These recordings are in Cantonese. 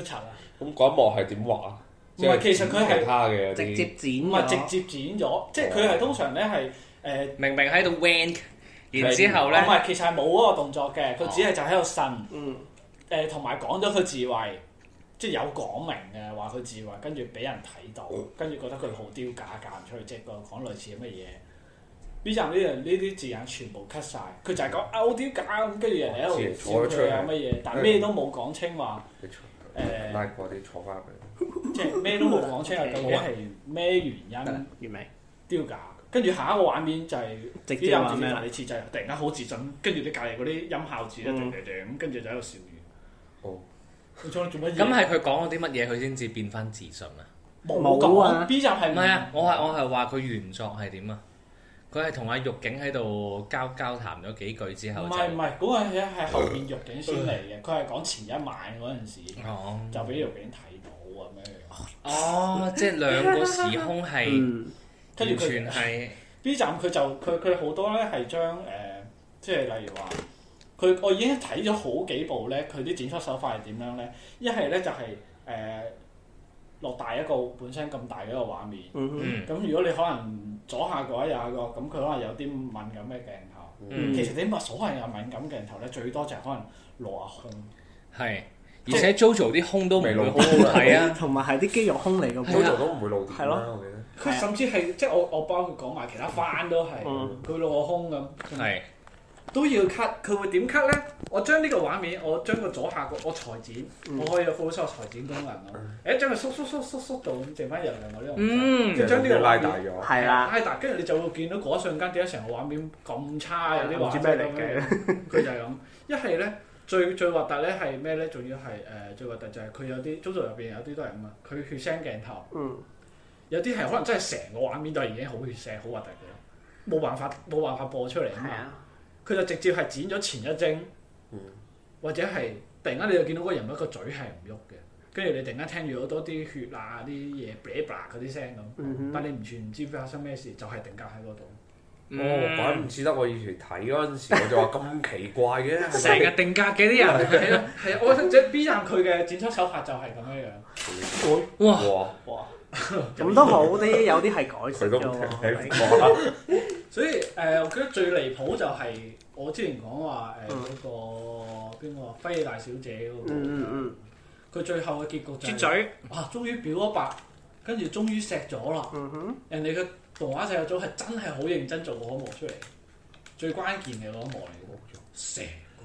啊！咁嗰一幕係點畫啊？唔係，其實佢係、啊、直接剪啊，直接剪咗。喔、即係佢係通常咧係誒。呃、明明喺度 w e n 然之後咧。唔係、嗯，其實係冇嗰個動作嘅，佢只係就喺度呻。嗯、啊。同埋、呃、講咗佢自衞，即係有講明嘅話，佢自衞跟住俾人睇到，跟住、嗯、覺得佢好丟架，嫁唔出去即係講類似咁嘅嘢。B 站呢樣呢啲字眼全部 cut 晒，佢就係講、嗯、啊好丟架，跟住人哋喺度笑佢啊乜嘢，但係咩都冇講清話。嗯。誒拉過啲坐翻佢，即係咩都冇講出嚟，究竟係咩原因？月明丟架，跟住下一個畫面就係直接話你設置，突然間好自信，跟住你隔籬嗰啲音效字咧，叮叮跟住就喺度笑住。哦，咁係佢講咗啲乜嘢，佢先至變翻自信啊！冇講 B 集係唔係啊？我係我係話佢原作係點啊？佢係同阿獄警喺度交交談咗幾句之後，唔係唔係，嗰、那個嘢係後面獄警先嚟嘅。佢係講前一晚嗰陣時就，就俾獄警睇到咁樣樣。哦，即係兩個時空係跟住全係、嗯、B 站，佢就佢佢好多咧係將誒、呃，即係例如話，佢我已經睇咗好幾部咧，佢啲剪輯手法係點樣咧？一係咧就係、是、誒。呃落大一個本身咁大嘅一個畫面，咁、嗯、如果你可能左下角、右下角，咁佢可能有啲敏感嘅鏡頭。嗯、其實你咪所謂有敏感鏡頭咧，最多就係可能落下胸。係，而且 Jojo 啲 jo 胸都唔會好係 啊，同埋係啲肌肉胸，嚟嘅 Jojo 都唔會露。係咯，佢甚至係即係我我包括講埋其他班都係，佢露個胸咁。係。都要 cut，佢會點 cut 咧？我將呢個畫面，我將個左下角，我裁剪，我可以有 photoshop 裁剪功能咯。誒，將佢縮縮縮縮縮到剩翻一兩嗰啲，嗯，即係將呢個拉大咗，係啊，拉大，跟住你就會見到嗰瞬間點解成個畫面咁差？有啲畫唔知咩嚟嘅，佢就係咁。一係咧，最最核突咧係咩咧？仲要係誒最核突就係佢有啲，中途入邊有啲都係咁啊。佢血腥鏡頭，有啲係可能真係成個畫面就已經好血腥，好核突嘅，冇辦法冇辦法播出嚟啊！佢就直接係剪咗前一幀，或者係突然間你就見到嗰個人物一個嘴係唔喐嘅，跟住你突然間聽住好多啲血啊啲嘢 bla bla 嗰啲聲咁，但你完全唔知發生咩事，就係、是、定格喺嗰度。嗯、哦，怪唔之得，我以前睇嗰陣時，我就話咁奇怪嘅，成日 定格嘅啲人，係 啊，係啊，啊，我覺得 B 站佢嘅剪輯手法就係咁樣樣。哇！哇咁 都好啲，有啲係改咗。所以誒，我覺得最離譜就係、是、我之前講話誒嗰個邊個？飛野大小姐嗰、那個。嗯嗯，佢最後嘅結局就係、是。噘嘴。哇！終於表咗白，跟住終於錫咗啦。哼。人哋嘅動畫製作組係真係好認真做個一幕出嚟，最關鍵嘅嗰一幕嚟嘅。成個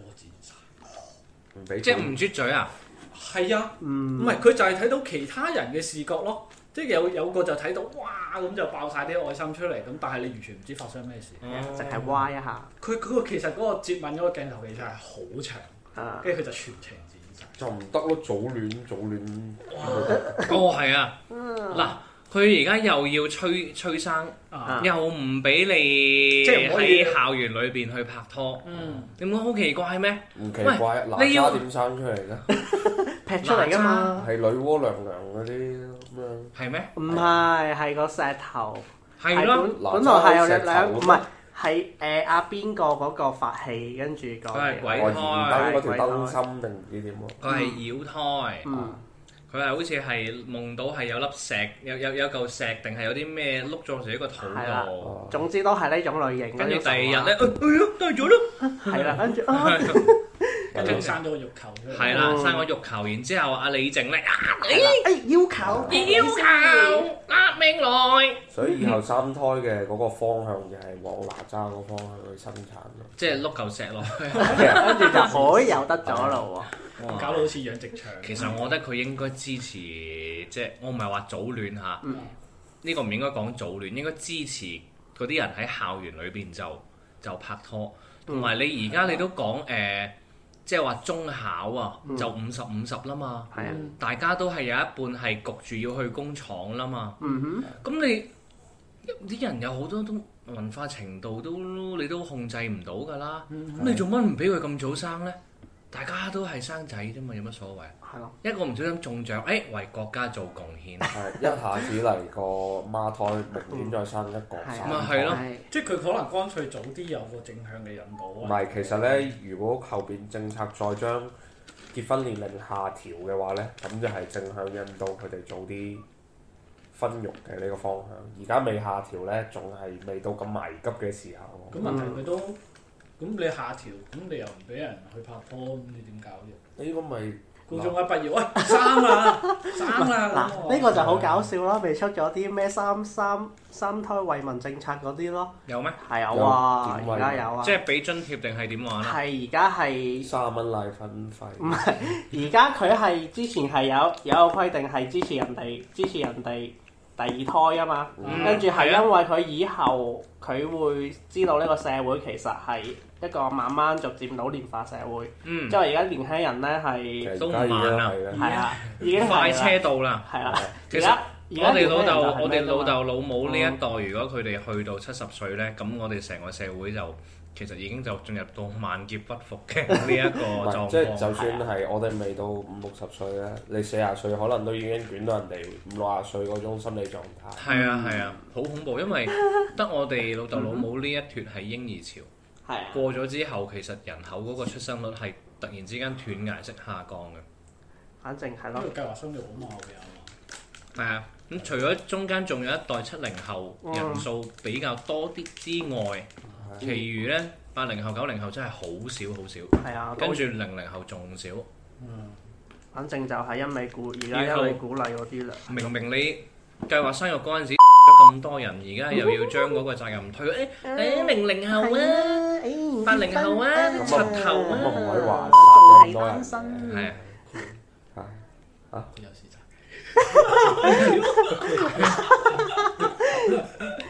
剪曬。即係唔啜嘴啊？係、嗯、啊。唔係，佢就係睇到其他人嘅視覺咯。即係有有個就睇到哇咁就爆晒啲愛心出嚟咁，但係你完全唔知發生咩事，淨係哇一下。佢嗰個其實嗰個接吻嗰個鏡頭其實係好長，跟住佢就全程剪晒，就唔得咯，早戀早戀哇！哦，係啊，嗱，佢而家又要催催生，又唔俾你即係喺校園裏邊去拍拖，你唔覺得好奇怪咩？好奇怪！南沙點生出嚟㗎？劈出嚟㗎嘛？係女媧娘娘嗰啲。係咩？唔係，係個石頭。係咯的本，本來係有兩，唔係，係誒阿邊個嗰個法器，跟住、嗰個鬼胎。外延單嗰條燈芯定唔知點，佢係妖胎。嗯佢係好似係夢到係有粒石，有有有嚿石定係有啲咩碌咗成一個肚度。總之都係呢種類型。跟住第二日咧，哎呀，得咗咯。係啦，跟住跟住生咗個肉球。係啦，生咗個肉球，然之後阿李靖咧，哎哎要求要求，拿命來。所以以後三胎嘅嗰個方向就係往哪吒嗰方向去生產咯。即係碌嚿石落去，跟住就可以有得咗咯喎。搞到好似養殖場。其實我覺得佢應該支持，即、就、係、是、我唔係話早戀嚇。呢、嗯、個唔應該講早戀，應該支持嗰啲人喺校園裏邊就就拍拖。同埋你而家你都講誒，即係話中考啊，嗯、就五十五十啦嘛。係啊、嗯，大家都係有一半係焗住要去工廠啦嘛。嗯哼，咁你啲人有好多種文化程度都你都控制唔到㗎啦。咁、嗯、你做乜唔俾佢咁早生呢？大家都係生仔啫嘛，有乜所謂？係咯的，一個唔小心中獎，誒、哎、為國家做貢獻。係 一下子嚟個孖胎明年再生一個，咁係咯，即係佢可能乾脆早啲有個正向嘅引導。唔係，其實呢，如果後邊政策再將結婚年齡下調嘅話呢，咁就係正向引導佢哋早啲婚育嘅呢個方向。而家未下調呢，仲係未到咁危急嘅時候。咁問題佢都。咁你下條，咁你又唔俾人去拍拖，咁你點搞啫？誒，你咪高中一畢業，啊？三啊？三啊？嗱，呢個就好搞笑咯，咪出咗啲咩三三三胎惠民政策嗰啲咯？有咩？係有啊，而家有啊。即係俾津貼定係點話咧？係而家係三蚊奶粉費。唔係，而家佢係之前係有有一個規定係支持人哋支持人哋第二胎啊嘛，跟住係因為佢以後佢會知道呢個社會其實係。一個慢慢逐漸老年化社會，即係而家年輕人咧係都慢啦，係啦，已經快車道啦，係啦。其實我哋老豆、我哋老豆老母呢一代，如果佢哋去到七十歲咧，咁我哋成個社會就其實已經就進入到萬劫不復嘅呢一個狀況。即係就算係我哋未到五六十歲咧，你四十歲可能都已經捲到人哋五六十歲嗰種心理狀態。係啊係啊，好恐怖，因為得我哋老豆老母呢一脱係嬰兒潮。過咗之後，其實人口嗰個出生率係突然之間斷崖式下降嘅。反正係咯。因為計劃生育好唔好嘅？係啊，咁 除咗中間仲有一代七零後人數比較多啲之外，嗯、其餘呢，八零後、九零後真係好少好少。跟住零零後仲少。嗯、少反正就係因味鼓，而家一味鼓勵嗰啲啦。明明你計劃生育嗰陣時。咁多人而家又要將嗰個責任推誒誒零零後啦，八零後啊，七頭咁啊，唔、欸啊啊、可以話殺，仲多新生。係啊，分 是啊啊有時就，哈哈哈！哈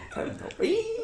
哈哈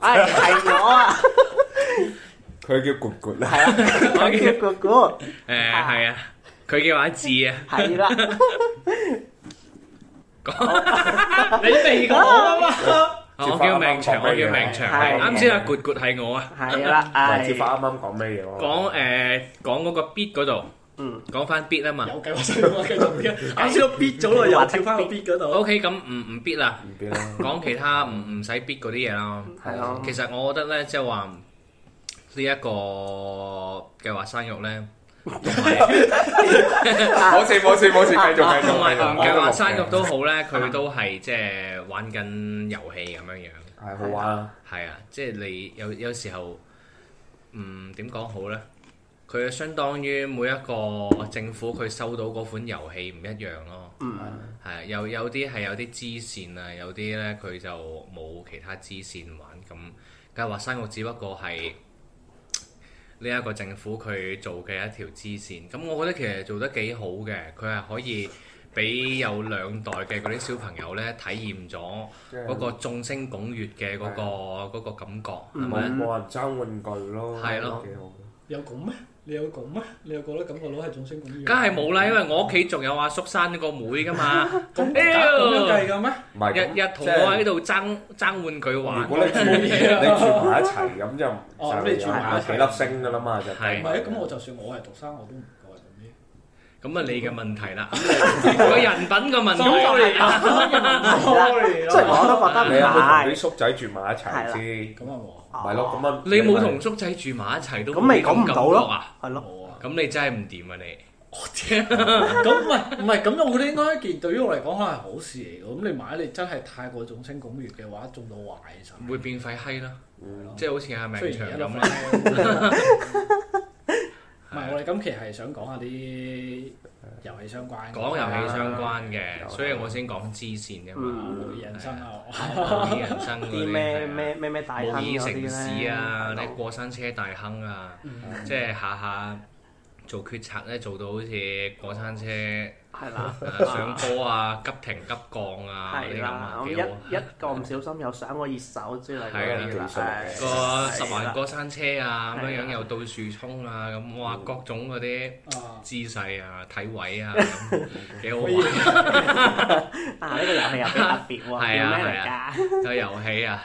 係係我啊！佢叫 G G 啦，我叫 G G。誒，係啊，佢叫阿志啊，係啦。講你未講啊嘛？我叫命長，我叫命長。啱先啊，G G 係我啊，係啦。阿志發啱啱講咩嘢？講誒，講嗰個 bid 嗰度。嗯，講翻 bit 啊嘛，有計劃生育繼續嚟啊！啱先我 bit 咗啦，又跳翻個 bit 嗰度。OK，咁唔唔 bit 啦，講其他唔唔使 bit 嗰啲嘢啦。係啊，其實我覺得咧，即係話呢一個計劃生育咧，冇事冇事冇事，繼續繼續繼續。同埋計劃生育都好咧，佢都係即係玩緊遊戲咁樣樣。係好玩啦，係啊，即係你有有時候，唔點講好咧？佢相當於每一個政府，佢收到嗰款遊戲唔一樣咯。嗯，啊、嗯，有有啲係有啲支線啊，有啲呢，佢就冇其他支線玩。咁計劃生育只不過係呢一個政府佢做嘅一條支線。咁我覺得其實做得幾好嘅，佢係可以俾有兩代嘅嗰啲小朋友呢體驗咗嗰個眾星拱月嘅嗰個感覺，係咪，嗯吧？冇人爭玩具咯，係咯是的，有咁咩？你有講咩？你有覺得感覺攞係總星咁樣？梗係冇啦，因為我屋企仲有阿叔生咗個妹噶嘛。咁樣，咁樣計㗎咩？唔係，日日同我喺度爭爭換句話。如果你住你住埋一齊，咁就哦，你住埋一齊幾粒星㗎啦嘛就。係。唔係，咁我就算我係獨生我都唔。咁啊，你嘅問題啦，個人品嘅問題。sorry，sorry，即係我都覺得你係同啲叔仔住埋一齊先。咁啊，咪咯，你冇同叔仔住埋一齊都咁咪講唔到咯，係咯，咁你真係唔掂啊你。我天，咁咪唔係咁，我覺得應該一件對於我嚟講可能好事嚟嘅。咁你買，你真係太過眾星拱月嘅話，種到壞就，會變廢閪啦，即係好似阿明長咁。唔係，我哋今期係想講下啲遊戲相關。講遊戲相關嘅，啊、所以我先講支線嘅嘛。模擬、嗯嗯、人生啊，模、啊、人生啲咩咩咩咩大坑嗰啲咧。啲過山車大亨啊，即係、啊。嗯、下下做決策，大坑嗰啲咧。啲咩咩咩咩大坑係啦，上坡啊，急停急降啊，呢啲咁一一個唔小心又上個熱手之類嗰啲啦，個十環過山車啊咁樣樣又到樹衝啊咁，哇各種嗰啲姿勢啊、體位啊咁，幾好玩但係呢個遊戲有咩特別喎？係啊係啊個遊戲啊！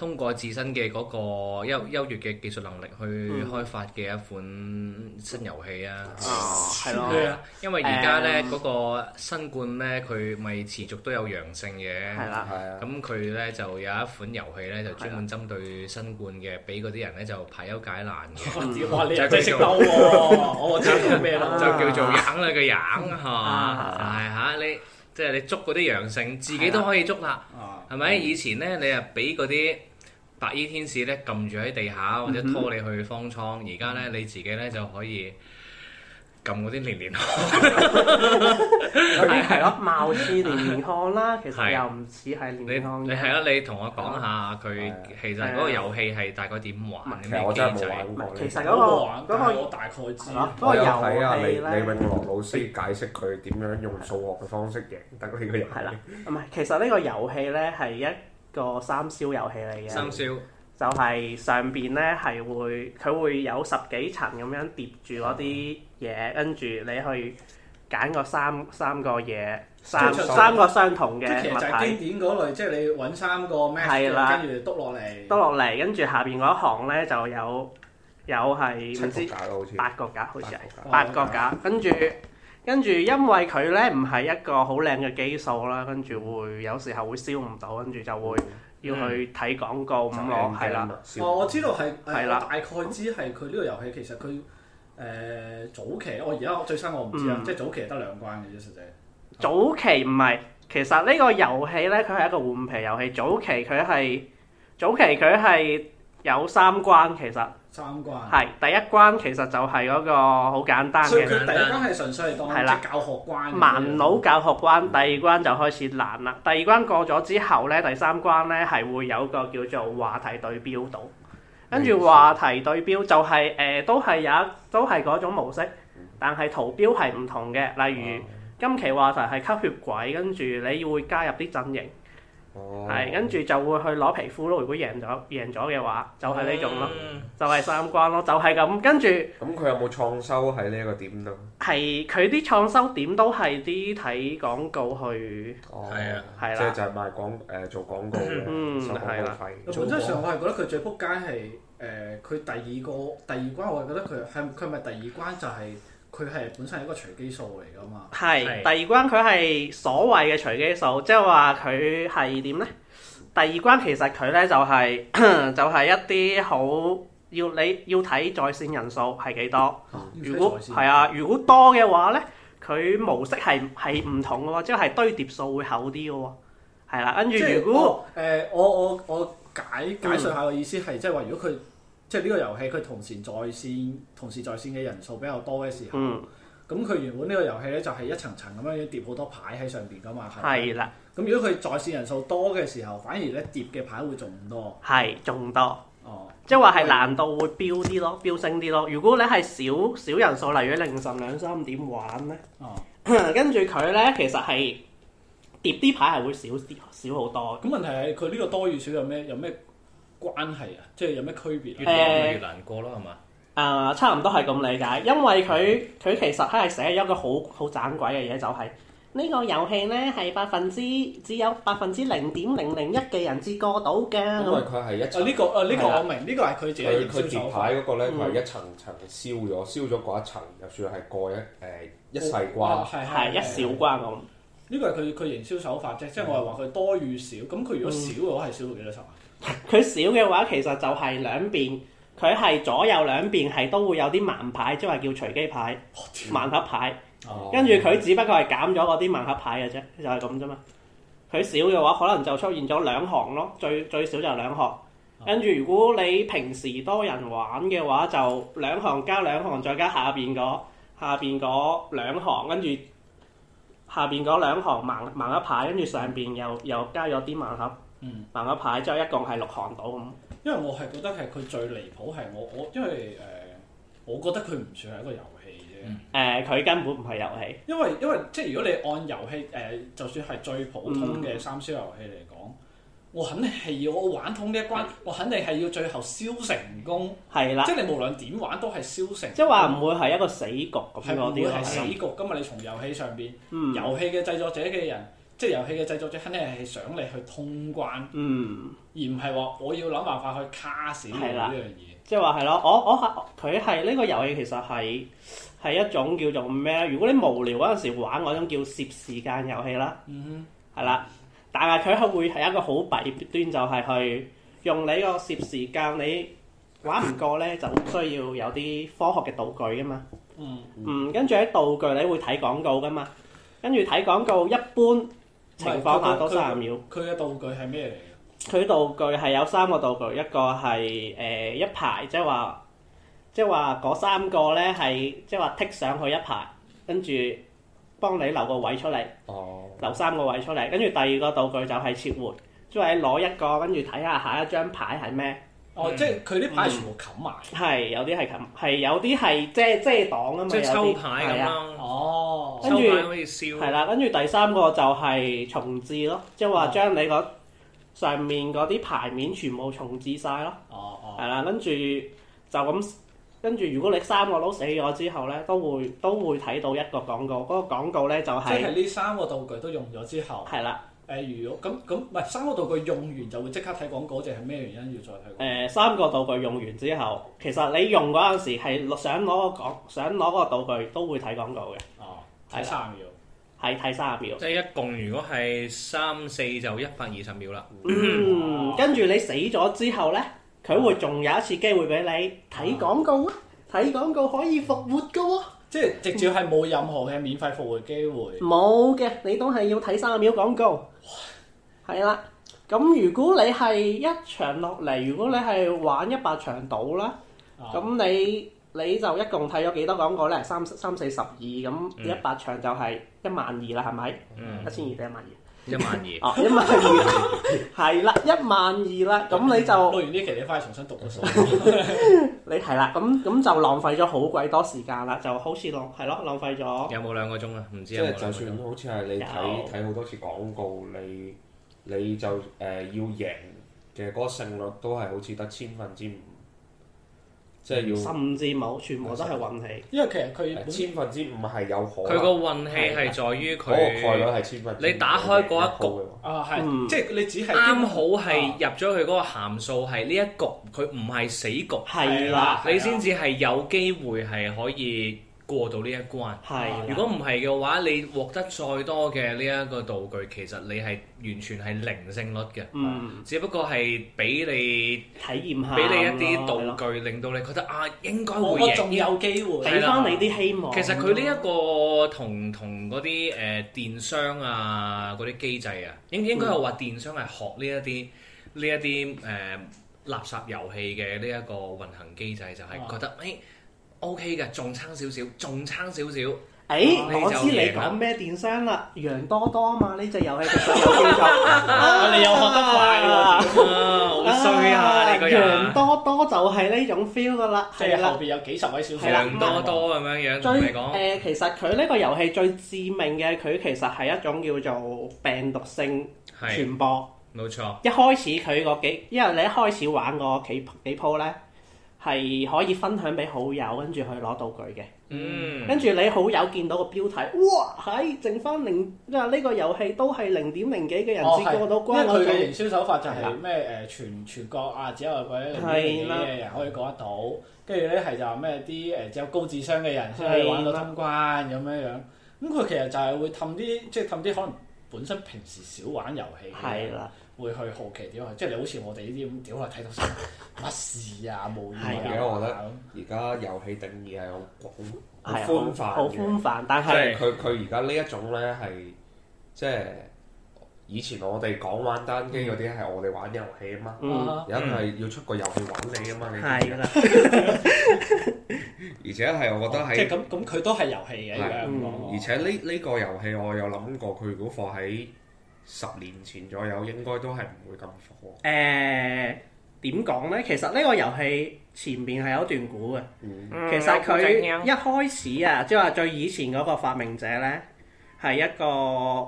通過自身嘅嗰個優優越嘅技術能力去開發嘅一款新遊戲啊，係咯，因為而家咧嗰個新冠咧，佢咪持續都有陽性嘅，係啦，係啊，咁佢咧就有一款遊戲咧就專門針對新冠嘅，俾嗰啲人咧就排憂解難嘅，就叫做咩就叫做硬啊嘅硬嚇，係嚇你，即係你捉嗰啲陽性自己都可以捉啦，係咪？以前咧你啊俾嗰啲。白衣天使咧撳住喺地下，或者拖你去方艙。而家咧你自己咧就可以撳嗰啲連連看，係咯，貌似連連看啦，其實又唔似係連連看。你你係咯，你同我講下佢其實嗰個遊戲係大概點玩？我真係冇玩過。其實嗰個嗰個我大概知。嗰個遊戲啊，李李永樂老師解釋佢點樣用數學嘅方式贏。大概呢個遊戲係啦，唔係其實呢個遊戲咧係一個三消遊戲嚟嘅，三消，就係上邊咧係會佢會有十幾層咁樣疊住嗰啲嘢，跟住你去揀個三三個嘢，三三個相同嘅物體。即其實就係經典嗰類，即你揾三個 match，係啦，跟住篤落嚟。篤落嚟，跟住下邊嗰一行咧就有有係唔知八個格好似係八個格，跟住。跟住，因為佢咧唔係一個好靚嘅基數啦，跟住會有時候會燒唔到，跟住就會要去睇廣告，咁囉，係啦。了我知道係，了大概知係佢呢個遊戲其實佢誒、呃、早期，我而家最新我唔知啦，嗯、即係早期係得兩關嘅啫、嗯。早期唔係，其實呢個遊戲咧，佢係一個換皮遊戲。早期佢係早期佢係有三關，其實。三關，係第一關其實就係嗰個好簡單嘅，所以佢第一關係純粹係當隻教，的教學關，盲腦教學關。第二關就開始難啦，第二關過咗之後咧，第三關咧係會有個叫做話題對標到，跟住話題對標就係、是、誒、呃、都係有一，都係嗰種模式，但係圖標係唔同嘅。例如今期話題係吸血鬼，跟住你會加入啲陣營。係，跟住、哦、就會去攞皮膚咯。如果贏咗贏咗嘅話，就係、是、呢種咯、嗯，就係三關咯，就係咁。跟住咁佢有冇創收喺呢一個點度？係佢啲創收點都係啲睇廣告去，係啊，係啦。即係就係賣廣誒做廣告嘅、嗯、收廣告費。本質上我係覺得佢最撲街係誒，佢、呃、第二個第二關我係覺得佢係佢係咪第二關就係、是。佢係本身一個隨機數嚟噶嘛？係第二關，佢係所謂嘅隨機數，即係話佢係點咧？第二關其實佢咧就係、是、就係、是、一啲好要你要睇在線人數係幾多？嗯、如果係啊，如果多嘅話咧，佢模式係係唔同嘅喎，即、就、係、是、堆疊數會厚啲嘅喎。係啦、啊，跟住如果誒、呃，我我我解解説下嘅意思係即係話，嗯、是是如果佢。即係呢個遊戲，佢同時在線、同時在線嘅人數比較多嘅時候，咁佢、嗯、原本呢個遊戲咧就係一層層咁樣要疊好多牌喺上邊噶嘛。係啦，咁的如果佢在線人數多嘅時候，反而咧疊嘅牌會仲多。係，仲多。哦，即係話係難度會飆啲咯，飆升啲咯。如果你係少少人數，例如凌晨兩三點玩咧，哦，跟住佢咧其實係疊啲牌係會少啲，少好多。咁問題係佢呢個多與少有咩？有咩？關係啊，即係有咩區別？越難越難過咯，係嘛？啊，差唔多係咁理解，因為佢佢其實係寫一個好好盞鬼嘅嘢，就係呢個遊戲咧係百分之只有百分之零點零零一嘅人至過到嘅。因為佢係一呢個啊呢個我明，呢個係佢自己。佢牌嗰個咧係一層層燒咗，燒咗嗰一層又算係過一誒一細關，係係一小關咁。呢個係佢佢營銷手法啫，即係我係話佢多與少。咁佢如果少嘅話係少到幾多層啊？佢少嘅話，其實就係兩邊，佢係左右兩邊係都會有啲盲牌，即係叫隨機牌、盲盒牌。哦、跟住佢只不過係減咗嗰啲盲盒牌嘅啫，就係咁啫嘛。佢少嘅話，可能就出現咗兩行咯，最最少就兩行。哦、跟住如果你平時多人玩嘅話，就兩行加兩行，再加下邊嗰下邊嗰兩行，跟住下邊嗰兩行盲盲盒牌，跟住上邊又又加咗啲盲盒。嗯，行一牌之後一共係六項到咁。因為我係覺得係佢最離譜係我我，我因為誒、呃，我覺得佢唔算係一個遊戲啫。誒、嗯，佢、呃、根本唔係遊戲。因為因為即係如果你按遊戲誒，就算係最普通嘅三消遊戲嚟講，嗯、我肯定係要我玩通呢一關，嗯、我肯定係要最後消成功。係啦、嗯。即係你無論點玩都係消成功。即係話唔會係一個死局咁嗰啲。係唔會係死局？今日你從遊戲上邊，遊戲嘅製作者嘅人。即係遊戲嘅製作者，肯定係想你去通關，嗯、而唔係話我要諗辦法去卡死你呢樣嘢。即係話係咯，我我佢係呢個遊戲其實係係一種叫做咩？如果你無聊嗰陣時玩嗰種叫攝時間遊戲啦，係啦、嗯。但係佢係會係一個好弊端，就係、是、去用你個攝時間，你玩唔過咧，就需要有啲科學嘅道具㗎嘛。嗯，嗯，跟住喺道具你會睇廣告噶嘛，跟住睇廣告一般，情況下多三十秒。佢嘅道具係咩嚟？佢道具係有三個道具，一個係誒、呃、一排，即係話，即係話嗰三個咧係，即係話剔上去一排，跟住幫你留個位出嚟。哦。留三個位出嚟，跟住第二個道具就係撤回，即係攞一個，跟住睇下下一張牌係咩。哦，嗯、即係佢呢牌全部冚埋。係、嗯嗯，有啲係冚，係有啲係遮遮擋啊嘛。即係抽牌咁樣。哦。跟住係啦，跟住第三個就係重置咯，即係話將你個上面嗰啲牌面全部重置曬咯。哦哦，係啦，跟住就咁。跟住如果你三個都死咗之後咧，都會都會睇到一個廣告。嗰個廣告咧就係即係呢三個道具都用咗之後。係啦。誒，如果咁咁唔係三個道具用完就會即刻睇廣告，定係咩原因要再睇？誒，三個道具用完之後，其實你用嗰陣時係想攞個廣，想攞個道具都會睇廣告嘅。睇三十秒，係睇三十秒。即係一共，如果係三四就一百二十秒啦。跟住你死咗之後呢，佢會仲有一次機會俾你睇廣告啊！睇廣告可以復活噶喎、啊。嗯、即係直接係冇任何嘅免費復活機會。冇嘅，你都係要睇三十秒廣告。係啦哇，咁如果你係一場落嚟，如果你係玩一百場賭啦，咁你。你就一共睇咗幾多廣告咧？三三四十二咁一百場就係一萬二啦，係咪？一千二定一萬二？一萬二哦，一萬二係啦，一萬二啦。咁你就過完呢期，你翻去重新讀個數。你係啦，咁咁就浪費咗好鬼多時間啦，就好似浪係咯，浪費咗。有冇兩個鐘啊？唔知啊。即係就算好似係你睇睇好多次廣告，你你就誒要贏嘅嗰個勝率都係好似得千分之五。甚至某全部都係運氣，因為其實佢千分之五係有可能，佢個運氣係在於佢，的個概率係千分之五你打開嗰一局啊，係，即係你只係啱好係入咗佢嗰個函數係呢一局，佢唔係死局，係啦，你先至係有機會係可以。的過到呢一關，的如果唔係嘅話，你獲得再多嘅呢一個道具，其實你係完全係零勝率嘅，嗯，只不過係俾你體驗下，俾你一啲道具，的令到你覺得啊，應該會贏，我仲有機會，俾翻的你啲希望。嗯、其實佢呢一個同同嗰啲誒電商啊嗰啲機制啊，應應該係話電商係學呢一啲呢一啲誒垃圾遊戲嘅呢一個運行機制，就係覺得誒。唉 O K 嘅，仲差少少，仲差少少。誒，我知你講咩電商啦，楊多多啊嘛，呢隻遊戲叫做。你又學得快啊！好衰下，呢個楊多多就係呢種 feel 㗎喇，即係後邊有幾十位小夥伴。楊多多咁樣樣，最誒其實佢呢個遊戲最致命嘅，佢其實係一種叫做病毒性傳播。冇錯。一開始佢個幾，因為你一開始玩個幾幾鋪咧。係可以分享俾好友，跟住去攞到佢嘅。嗯，跟住你好友見到個標題，哇，係剩翻零，即呢個遊戲都係零點零幾嘅人先過到關。哦，係，因為佢嘅營銷手法就係咩誒，全全國啊，只有嗰啲咩嘢嘅人可以過得到。跟住咧係就咩啲誒，只有高智商嘅人先可以玩到通關咁樣樣。咁、嗯、佢、嗯、其實就係會氹啲，即係氹啲可能本身平時少玩遊戲嘅係啦。會去好奇點樣？即係你好似我哋呢啲咁，屌啊睇到乜事啊，冇意義嘅。的我覺得而家遊戲定義係好廣，的很寬泛、好寬泛。但係佢佢而家呢一種咧係，即係以前我哋講玩單機嗰啲係我哋玩遊戲啊嘛，而家係要出個遊戲揾你啊嘛。係啦，的 而且係我覺得係咁咁，佢都係遊戲嘅。而且呢呢個遊戲我有諗過，佢如果放喺十年前左右，應該都係唔會咁火。誒點講咧？其實呢個遊戲前面係有段故嘅。嗯、其實佢一開始啊，嗯、即係話最以前嗰個發明者咧，係一個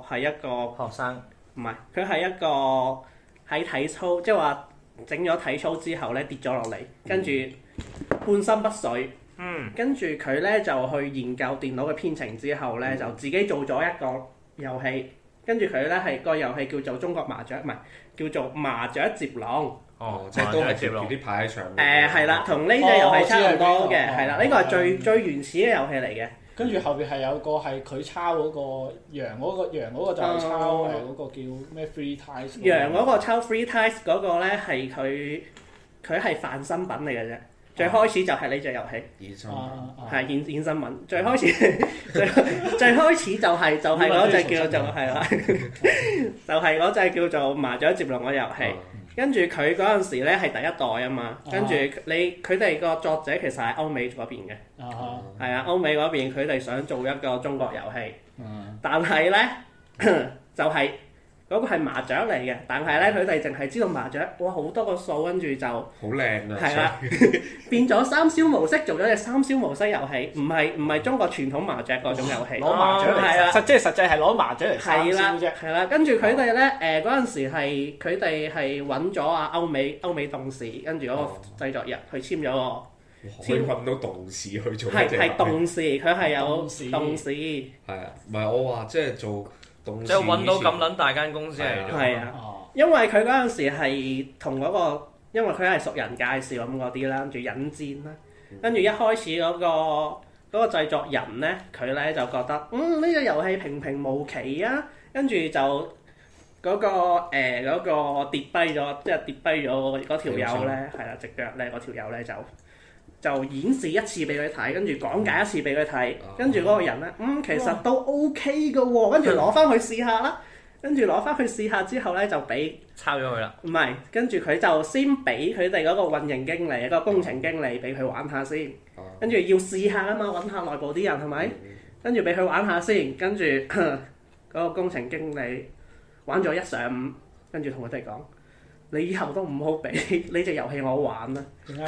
係一個學生。唔係，佢係一個喺體操，即係話整咗體操之後咧跌咗落嚟，跟住半身不遂。嗯。跟住佢咧就去研究電腦嘅編程之後咧，嗯、就自己做咗一個遊戲。跟住佢咧係個遊戲叫做中國麻雀，唔係叫做麻雀接龍。哦，即係都係接住啲牌喺上面。誒係啦，同呢隻遊戲差唔多嘅、哦，係啦、這個，呢、哦這個係最、嗯、最原始嘅遊戲嚟嘅。跟住後邊係有個係佢抄嗰、那個羊嗰、那個、個就嗰抄係、那、嗰、個嗯、個叫咩 Free Ties 羊嗰個抄 Free Tie、那個、s 嗰個咧係佢佢係翻新品嚟嘅啫。最開始就係呢隻遊戲，係演演新聞。最開始最最開始就係就係嗰就叫就係啦，就係、是、嗰叫， 叫做麻雀接龍嘅遊戲。跟住佢嗰陣時咧係第一代啊嘛，跟住、啊、你佢哋個作者其實係歐美嗰邊嘅，係啊、嗯、啊歐美嗰邊佢哋想做一個中國遊戲，啊嗯、但係是咧 就係、是。嗰個係麻雀嚟嘅，但係咧佢哋淨係知道麻雀，哇好多個數跟住就好靚啊！係啦的， 變咗三消模式，做咗隻三消模式遊戲，唔係唔係中國傳統麻雀嗰種遊戲。攞、哦、麻雀嚟，係啦的，實即係實際係攞麻雀嚟三消啫。係啦，跟住佢哋咧，誒嗰陣時係佢哋係揾咗阿歐美歐美動視，跟住嗰個製作人去簽咗個，可以揾到動視去做，係係動視，佢係有動視。係啊事，唔係我話即係做。就揾到咁撚大間公司係啊，因為佢嗰陣時係同嗰個，因為佢係熟人介紹咁嗰啲啦，跟住引薦啦，跟住一開始嗰個嗰個製作人咧，佢咧就覺得嗯呢個遊戲平平無奇啊，跟住就嗰個誒嗰個跌低咗，即係跌低咗嗰條友咧，係啦的，隻腳咧嗰條友咧就。就演示一次俾佢睇，跟住講解一次俾佢睇，跟住嗰個人咧，嗯，其實都 OK 嘅喎，跟住攞翻去試下啦，跟住攞翻去試下之後咧就俾，抄咗佢啦。唔係，跟住佢就先俾佢哋嗰個運營經理、個工程經理俾佢玩下先，跟住要試下啊嘛，揾下內部啲人係咪？跟住俾佢玩下先，跟住嗰個工程經理玩咗一上午，跟住同佢哋講。你以後都唔好俾呢隻遊戲我玩啦，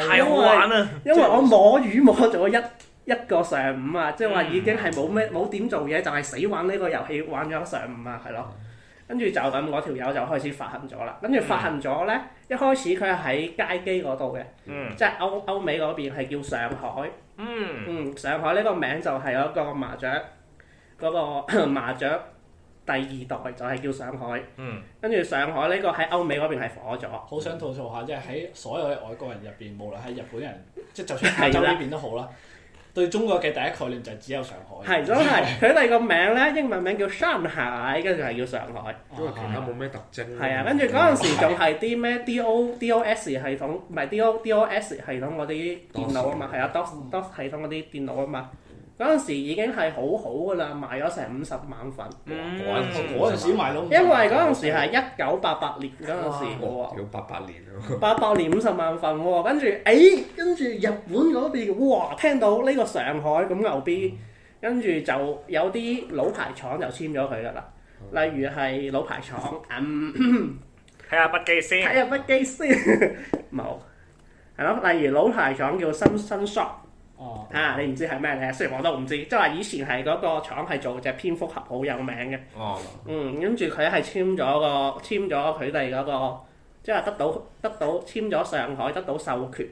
太好玩啦，因為我摸魚摸咗一 一個上午啊，即係話已經係冇咩冇點做嘢，就係、是、死玩呢個遊戲玩咗一上午啊，係咯。跟住就咁，嗰條友就開始發行咗啦。跟住發行咗咧，嗯、一開始佢係喺街機嗰度嘅，嗯、即係歐歐美嗰邊係叫上海。嗯嗯，上海呢個名就係嗰個麻將，嗰、嗰個 麻將。第二代就係叫上海，跟住上海呢個喺歐美嗰邊係火咗。好想吐槽下，即係喺所有嘅外國人入邊，無論係日本人，即係就算亞洲呢邊都好啦，對中國嘅第一概念就係只有上海。係真係，佢哋個名咧，英文名叫 Shanghai，跟住係叫上海。因為其他冇咩特徵。係啊，跟住嗰陣時仲係啲咩 D O D O S 系統，唔係 D O D O S 系統嗰啲電腦啊嘛，係啊，Dos Dos 系統嗰啲電腦啊嘛。嗰陣時已經係好好噶啦，賣咗成五十萬份。嗰陣、嗯嗯、時賣到，因為嗰陣時係一九八八年嗰陣時，八八年。八八年五十萬份喎、啊，跟住，哎、欸，跟住日本嗰邊，哇，聽到呢個上海咁牛逼、嗯，跟住就有啲老牌廠就簽咗佢噶啦，嗯、例如係老牌廠，睇下 筆記先，睇下筆記先，冇， 係咯，例如老牌廠叫新新朔。嚇、啊！你唔知係咩咧？雖然我都唔知，即係話以前係嗰個廠係做隻蝙蝠俠好有名嘅。哦。嗯，跟住佢係簽咗個簽咗佢哋嗰個，即係話得到得到簽咗上海得到授權。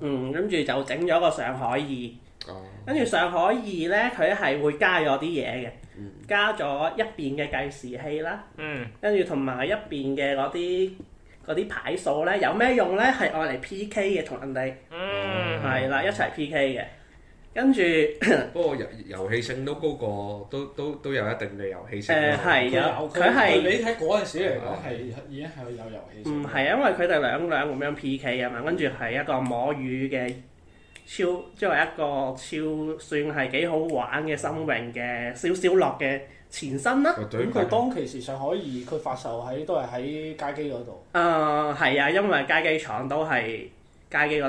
嗯。跟住、嗯、就整咗個上海二、哦。跟住上海二咧，佢係會加咗啲嘢嘅。嗯、加咗一邊嘅計時器啦。嗯。跟住同埋一邊嘅嗰啲啲牌數咧，有咩用咧？係愛嚟 PK 嘅同人哋。嗯。嗯，係啦，一齊 PK 嘅，跟住不過遊遊戲性都高過，都都都有一定嘅遊戲性。誒係有，佢係你睇嗰陣時嚟講係已經係有遊戲。唔係，因為佢哋兩兩咁樣 PK 啊嘛，跟住係一個摸魚嘅超即係一個超算係幾好玩嘅新穎嘅少少樂嘅前身啦。咁佢當其時就可以佢發售喺都係喺街機嗰度。誒係啊，因為街機廠都係。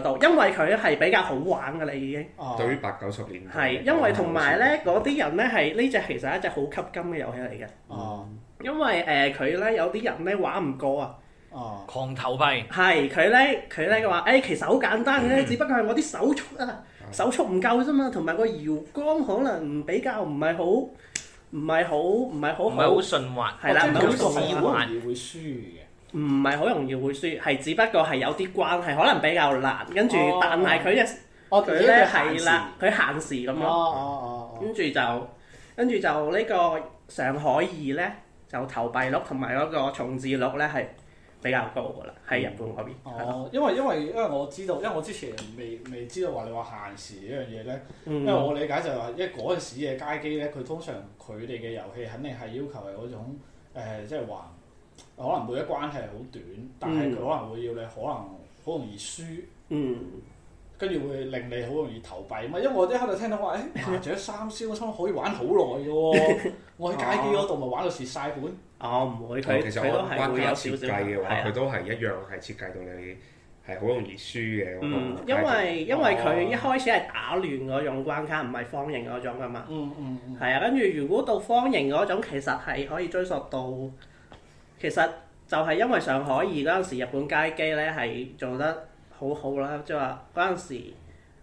度，因為佢係比較好玩噶啦，已經。哦。對於八九十年代。係，因為同埋咧，嗰啲人咧係呢隻其實係一隻好吸金嘅遊戲嚟嘅。哦。因為誒佢咧有啲人咧玩唔過啊。哦。狂投幣。係佢咧，佢咧話誒，其實好簡單嘅，只不過係我啲手速啊，手速唔夠啫嘛，同埋個搖桿可能比較唔係好，唔係好，唔係好。唔係好順滑。係啦。唔係好靈活。會輸嘅。唔係好容易會輸，係只不過係有啲關係，可能比較難。跟住，哦、但係佢嘅，佢咧係啦，佢呢限時咁樣、哦。哦哦哦。跟住就，跟住、嗯、就呢個上海二咧，就投幣率同埋嗰個重置率咧係比較高噶啦。係、嗯、日本嗰邊。哦，吧因為因為因為我知道，因為我之前未未知道話你話限時呢樣嘢咧，嗯、因為我理解就係話，因為嗰陣時嘅街機咧，佢通常佢哋嘅遊戲肯定係要求係嗰種即係話。呃呃就是可能每一個關係好短，但係佢可能會要你可能好容易輸，跟住、嗯、會令你好容易投幣啊嘛！因為我啲喺度聽到話，誒、欸，仲有三消嗰種可以玩好耐嘅喎， 我喺街機嗰度咪玩到蝕晒本。啊，唔、哦、會，佢其實都關卡有少少計嘅，佢、啊、都係一樣係設計到你係好容易輸嘅。嗯，因為因為佢一開始係打亂嗰種關卡，唔係方形嗰種啊嘛。嗯嗯嗯。係、嗯、啊，跟住、嗯嗯、如果到方形嗰種，其實係可以追溯到。其實就係因為上海而嗰陣時，日本街機咧係做得好好啦，即係話嗰陣時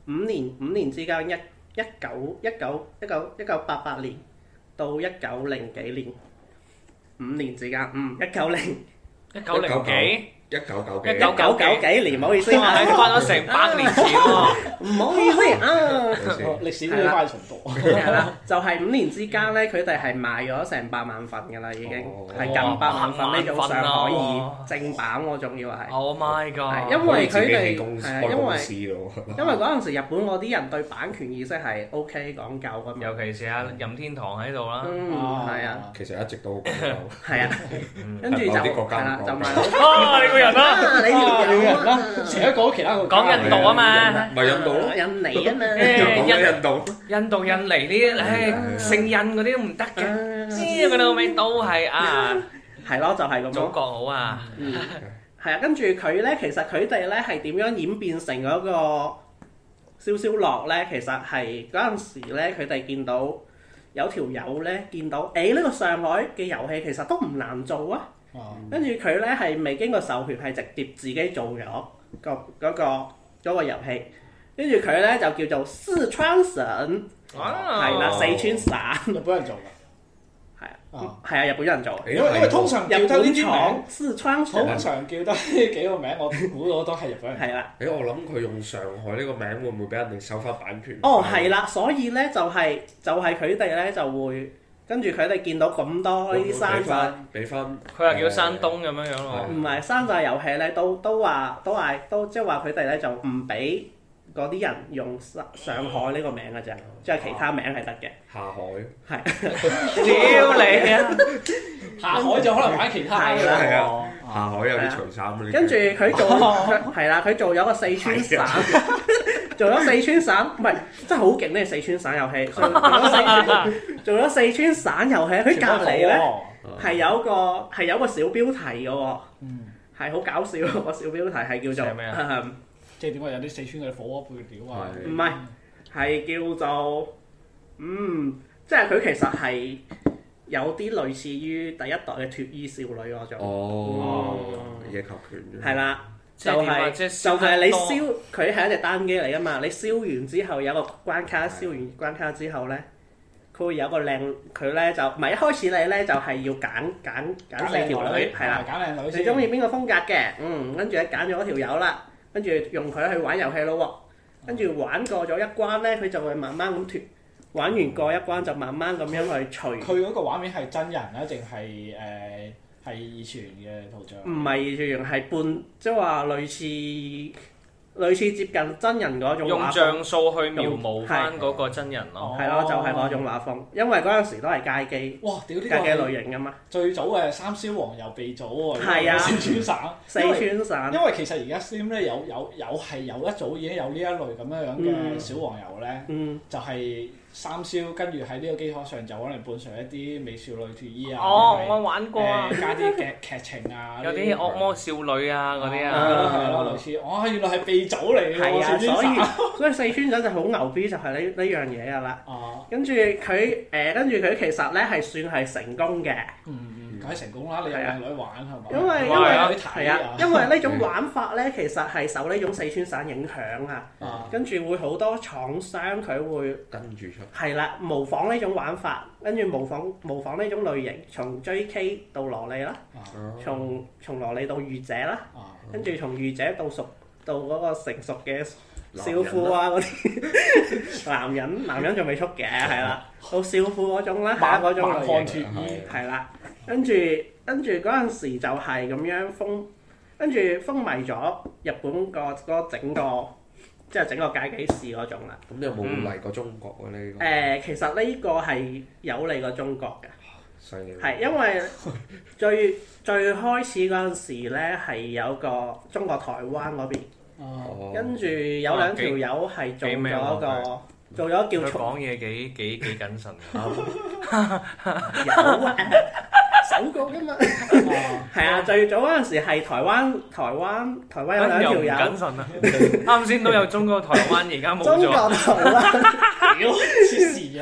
五年五年之間，一一九一九一九一九八八年到一九零幾年五年之間，嗯，一九零一九零幾。1990, 19 09? 一九九幾？一九九九幾年？唔好意思，我係翻咗成百年前喎。唔好意思啊，歷史觀光重播。就係五年之間咧，佢哋係賣咗成百萬份㗎喇，已經係近百萬份呢度上海以正版，我仲要係。我媽個，因為佢哋係因為嗰陣時日本嗰啲人對版權意識係 OK 講究咁。尤其是啊任天堂喺度啦，嗯係啊，其實一直都係啊，跟住就係啦，就咪。人啦，成日講其他個，講印度啊嘛，唔係印度咯，印尼啊嘛，印度印度，印度印尼啲唉，成印嗰啲都唔得嘅，知啊佢哋老味都係啊，係咯就係咁樣，講好啊，係啊，跟住佢咧，其實佢哋咧係點樣演變成嗰個消消樂咧？其實係嗰陣時咧，佢哋見到有條友咧見到，哎呢個上海嘅遊戲其實都唔難做啊！跟住佢咧，係未經過授權係直接自己做咗嗰個嗰個嗰個遊戲，跟住佢咧就叫做四川省，係啦、啊哦、四川省，日本人做嘅，係啊，係啊， 日本人做。因為因為通常日本啲名，四川省通常叫得呢幾個名，我估到都係日本人做。係啦 的。誒， 我諗佢用上海呢個名會唔會俾人哋手翻版權？哦，係啦了，的所以咧就係、係、就係佢哋咧就會。跟住佢哋見到咁多呢啲山寨，俾分，佢話、呃、叫山東咁樣樣喎。唔係，山寨遊戲咧，都都話都係都，即係話佢哋咧就唔俾。嗰啲人用上海呢個名嘅咋，即係其他名係得嘅。下海。係。屌你啊！下海就可能玩其他㗎啦。係啊，下海有啲長衫。跟住佢做，係啦，佢做咗個四川省，做咗四川省，唔係真係好勁咧！四川省遊戲。做咗四川省遊戲，佢隔離咧係有一個係有一個小標題嘅喎。嗯。係好搞笑，個小標題係叫做。即係點解有啲四川嘅火鍋配料啊！唔係是，係 叫做嗯，即係佢其實係有啲類似於第一代嘅脱衣少女嗰種。哦，野球拳。係啦，就係、是、就係你燒佢係一隻單機嚟噶嘛？你燒完之後有個關卡，的燒完關卡之後咧，佢會有個靚，佢咧就唔係一開始你咧就係、是、要揀揀揀四條女係啦，揀靚女。女你中意邊個風格嘅？嗯，跟住咧揀咗一條友啦。跟住用佢去玩遊戲咯喎，跟住玩過咗一關咧，佢就會慢慢咁脱，玩完過一關就慢慢咁樣去除。佢嗰個畫面係真人啊，定係誒係以前嘅圖像？唔係以前係半即係話類似。類似接近真人嗰種用像素去描摹翻嗰個真人咯。係咯對、哦，就係、是、嗰種畫風，因為嗰陣時都係街機。哇！屌啲，呢個街機類型㗎嘛？最早嘅三消黃油鼻祖喎，四川省，四川省。因為其實而家 s 咧有有有係有一組已經有呢一類咁樣樣嘅小黃油咧，嗯、就係、是。三消，跟住喺呢個基礎上就可能伴上一啲美少女脱衣啊，哦，如我玩過啊、呃，加啲劇劇情啊， 有啲惡魔少女啊嗰啲那些 啊，係咯類似。哇、啊，原來係鼻祖嚟嘅，四川仔，所以四川人就好牛逼就，就係呢呢樣嘢噶啦。哦、啊，跟住佢誒，跟住佢其實咧係算係成功嘅。 嗯。梗係成功啦！你靚女玩係嘛？因為因為係啊，因為呢種玩法咧，其實係受呢種四川省影響啊。跟住會好多廠商佢會跟住出係啦、啊，模仿呢種玩法，跟住模仿模仿呢種類型，從 JK 到蘿莉啦，從從蘿莉到御姐啦，跟住從御姐到熟到嗰個成熟嘅少婦啊嗰啲男人，男人仲未出嘅係啦，到少婦嗰種啦，下嗰種嘢係啦。跟住跟住嗰陣時就係咁樣封，跟住封埋咗日本個嗰整個，即係整個街機市嗰種啦。咁就冇利過中國喎呢？誒，其實呢個係有利過中國嘅。犀係因為最最開始嗰陣時咧，係有個中國台灣嗰邊，跟住有兩條友係做咗個做咗叫。講嘢幾幾幾謹慎。手局啊嘛，係啊，最早嗰陣時係台灣，台灣，台灣有兩條友，謹慎啊，啱先 都有中國台灣，而家冇咗，中國台灣，屌，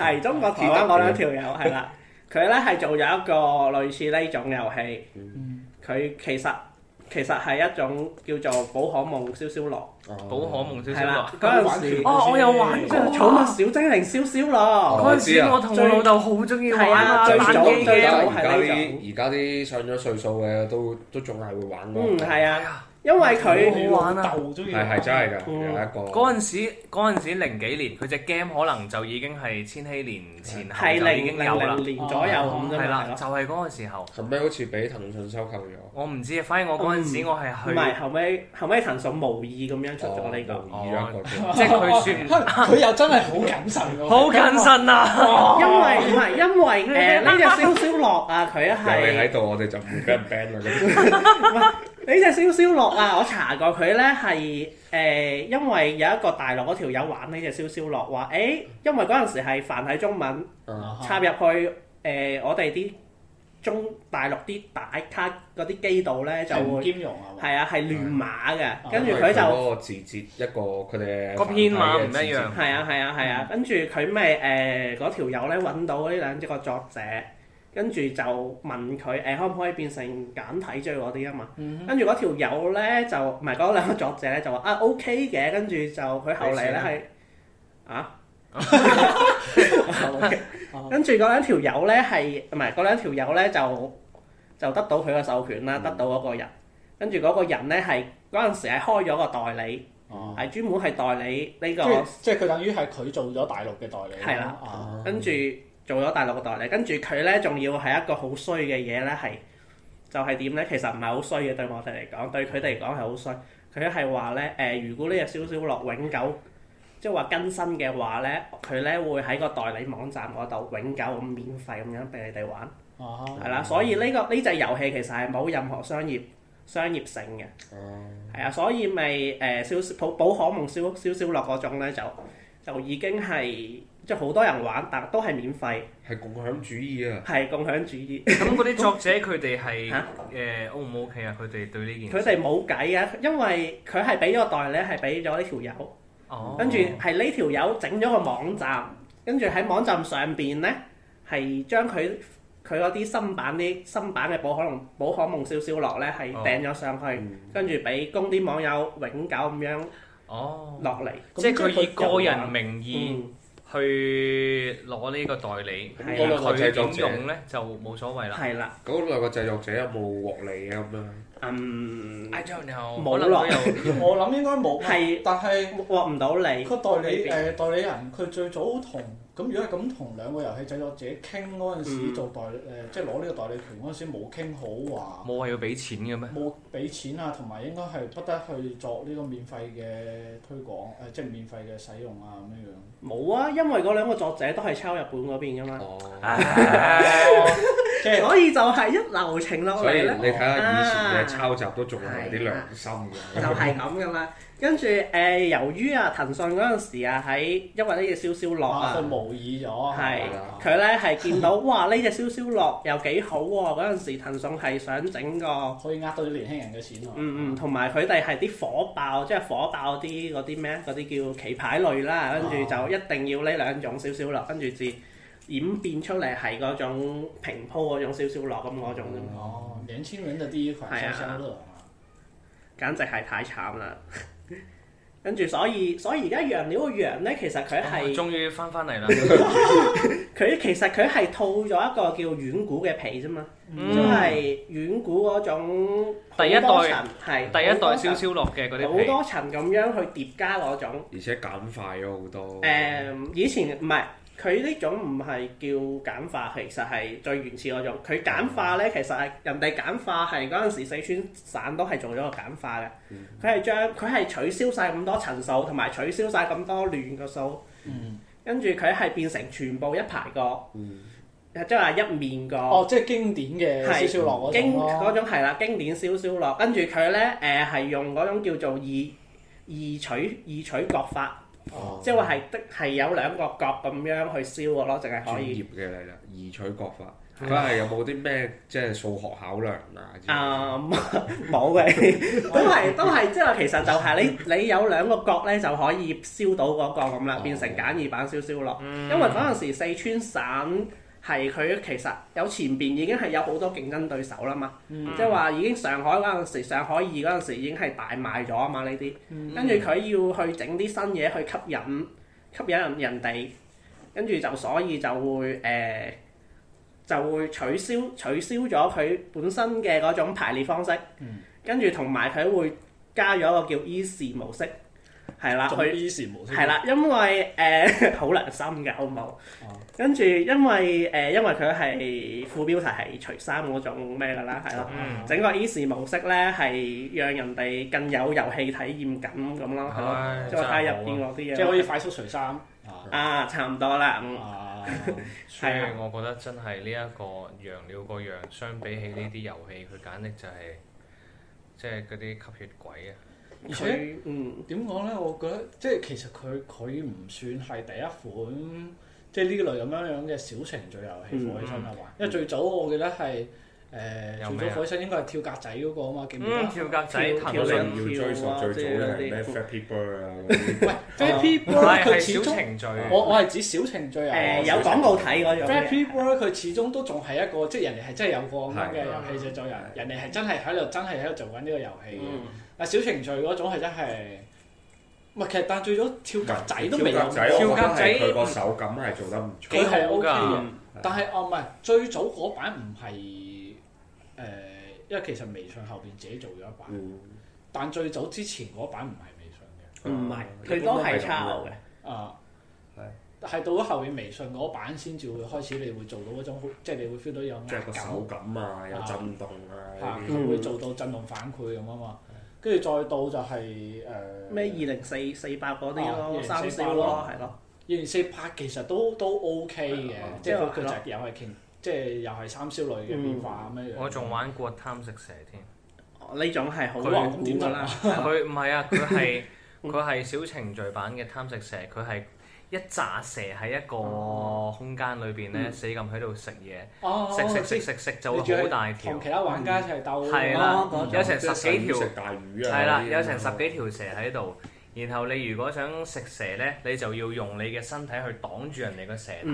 係中國台灣嗰兩條友係啦，佢咧係做咗一個類似呢種遊戲，佢其實。其實係一種叫做《寶可夢消消樂》哦，寶可夢消消樂。係啦，嗰陣時哦，我有玩過。即係《寵物小精靈消消樂》，嗰陣時我同我老豆好中意玩啊，打機嘅。而家啲上咗歲數嘅都都仲係會玩。嗯，係啊。因為佢好玩啊，係係真係㗎，有一個。嗰陣時，嗰陣時零幾年，佢隻 game 可能就已經係千禧年前後已經有啦，年左右咁啫啦，就係嗰個時候。後尾好似俾騰訊收購咗。我唔知啊，反而我嗰陣時我係去。唔係，後尾後尾騰訊無意咁樣出咗呢個，即係佢算佢又真係好謹慎好謹慎啊！因為唔係，因為誒呢隻消消樂啊，佢一有喺度，我哋就唔俾人 ban 啦。呢隻消消樂啊，我查過佢咧係誒，因為有一個大陸嗰條友玩呢隻消消樂，話誒，因為嗰陣時係繁體中文插入去誒、呃、我哋啲中大陸啲打卡嗰啲機度咧就會唔兼容係啊，係亂碼嘅，啊、跟住佢就嗰個字節一個佢哋個編碼唔一樣，係啊係啊係啊，啊啊啊嗯、跟住佢咪誒嗰條友咧揾到呢啲兩隻個作者。跟住就問佢誒，可唔可以變成簡體字嗰啲啊嘛？跟住嗰條友咧就，唔係嗰兩個作者咧就話啊 OK 嘅，跟住就佢後嚟咧係啊，OK，跟住嗰兩條友咧係唔係嗰兩條友咧就就得到佢嘅授權啦，mm hmm. 得到嗰個人，跟住嗰個人咧係嗰陣時係開咗個代理，係、嗯、專門係代理呢、這個，啊、即係佢等於係佢做咗大陸嘅代理啦，跟住。啊 what 做咗大陸個代理，跟住佢咧仲要係一個好衰嘅嘢咧，係就係點咧？其實唔係好衰嘅，對我哋嚟講，對佢哋嚟講係好衰。佢係話咧，誒、呃、如果呢隻消消樂永久即係話更新嘅話咧，佢咧會喺個代理網站嗰度永久咁免費咁樣俾你哋玩。哦。係啦，所以呢、呢個呢隻、呢個、遊戲其實係冇任何商業商業性嘅。哦、嗯。係啊，所以咪誒消消寶寶可夢消消消消樂嗰種咧，就就，就已經係。即係好多人玩，但係都係免費。係共享主義啊！係共享主義。咁嗰啲作者佢哋係誒 O 唔 OK 啊？佢哋對呢件事佢哋冇計啊，因為佢係俾咗個代理，係俾咗呢條友。哦。跟住係呢條友整咗個網站，跟住喺網站上邊咧係將佢佢嗰啲新版啲新版嘅《寶可龍寶可夢消消樂》咧係掟咗上去，跟住俾供啲網友永久咁樣落嚟。即係佢以個人名義。去攞呢個代理，咁佢點用咧就冇所謂啦。係啦的，咁兩個製作者有冇獲利咁啊？嗯、um,，I don't know 了。冇咯， 我諗應該冇。係，但係獲唔到利。個代理誒這是、呃、代理人，佢最早同咁如果咁同兩個遊戲製作者傾嗰陣時，做代誒即係攞呢個代理權嗰陣時，冇傾好話。冇話要俾錢嘅咩？冇俾錢啊，同埋應該係不得去做呢個免費嘅推廣誒、呃，即係免費嘅使用啊咁樣樣。冇啊，因為嗰兩個作者都係抄日本嗰邊噶嘛，所以就係一流程落嚟。所以你睇下以前嘅抄襲都仲有啲良心嘅，就係咁噶啦。跟住誒，由於啊騰訊嗰陣時啊喺因為呢隻消消樂啊，佢模擬咗，係佢咧係見到哇呢隻消消樂又幾好喎！嗰陣時騰訊係想整個可以呃到啲年輕人嘅錢喎。嗯嗯，同埋佢哋係啲火爆，即係火爆啲嗰啲咩嗰啲叫棋牌類啦，跟住就。一定要呢兩種消消樂，跟住至演變出嚟係嗰種平鋪嗰種消消樂咁嗰種、嗯、哦，年輕人的第一款消消樂啊！簡直係太慘啦～ 跟住，所以所以而家羊料個羊咧，其實佢係、哦，終於翻翻嚟啦！佢其實佢係套咗一個叫遠古嘅皮啫嘛，即係遠古嗰種，第一代係第一代消消樂嘅嗰啲，好多層咁樣去疊加嗰種，而且減快咗好多。誒、嗯，以前唔係。佢呢種唔係叫簡化，其實係最原始嗰種。佢簡化咧，其實係人哋簡化係嗰陣時四川省都係做咗個簡化嘅。佢係將佢係取消晒咁多層數，同埋取消晒咁多亂個數。嗯、跟住佢係變成全部一排個，嗯、即係話一面個。哦，即係經典嘅消消樂嗰種咯、啊。係啦，經典消消樂。跟住佢咧，誒、呃、係用嗰種叫做二二取二取國法。哦，oh。即係話係的係有兩個角咁樣去燒嘅咯，淨係可以。專業嘅嚟啦，易取角法。咁係 有冇啲咩即係數學考量啊？啊，冇嘅，都係都係，即係其實就係你你有兩個角咧，就可以燒到嗰個咁啦， 變成簡易版燒燒咯。Oh, okay. 因為嗰陣時四川省。係佢其實有前邊已經係有好多競爭對手啦嘛、嗯，即係話已經上海嗰陣時、上海二嗰陣時已經係大賣咗啊嘛呢啲，嗯、跟住佢要去整啲新嘢去吸引吸引人哋，跟住就所以就會誒、呃、就會取消取消咗佢本身嘅嗰種排列方式，嗯、跟住同埋佢會加咗個叫 Easy 模式，係啦，去 Easy 模式，係啦，因為誒好、呃、良心嘅好唔好？啊跟住，因為誒、er，因為佢係副標題係除衫嗰種咩嘅啦，係咯，整個 easy 模式呢，係讓人哋更有遊戲體驗感咁咯，係咯，入邊嗰啲嘢，啊、即係可以快速除衫，是啊，是差唔多啦，嗯、啊，係， 我覺得真係呢一個羊了個羊，相比起呢啲遊戲，佢簡直就係即係嗰啲吸血鬼啊，而且，嗯，點講呢？我覺得即係其實佢佢唔算係第一款。即係呢類咁樣樣嘅小程序遊戲火起身吖嘛？因為最早我記得係誒最早火起身應該係跳格仔嗰個啊嘛，記唔記得？跳格仔跳到你要追索，最早咧係咩？Fat P Bird 啊，唔係 Fat P Bird，佢始終我我係指小程序誒有廣告睇嗰種 Fat P Bird 佢始終都仲係一個，即係人哋係真係有貨咁嘅遊戲製作人，人哋係真係喺度真係喺度做緊呢個遊戲嘅。但小程序嗰種係真係。咪其實但係最早跳格仔都未有，跳格仔佢個手感係做得唔錯，佢係 OK 嘅。但係哦，唔係，最早嗰版唔係誒，因為其實微信後邊自己做咗一版，但最早之前嗰版唔係微信嘅，唔係佢都係抄嘅啊。係，係到咗後邊微信嗰版先至會開始，你會做到嗰種，即係你會 feel 到有咩手感啊，有震動啊，佢會做到震動反饋咁啊嘛。跟住再到就係誒咩二零四四八嗰啲咯，三消咯，係咯，哦。二零四八其實都都 OK 嘅，即係佢就係又係傾，即係又係三消類嘅變化咁樣。我仲玩過貪食蛇添，呢種係好難點啦。佢唔係啊，佢係佢係小程序版嘅貪食蛇，佢係。一揸蛇喺一個空間裏邊咧，死咁喺度食嘢，食食食食食就會好大條。其他玩家一齊鬥啊！有成十幾條，係啦，有成十幾條蛇喺度。然後你如果想食蛇咧，你就要用你嘅身體去擋住人哋嘅蛇頭。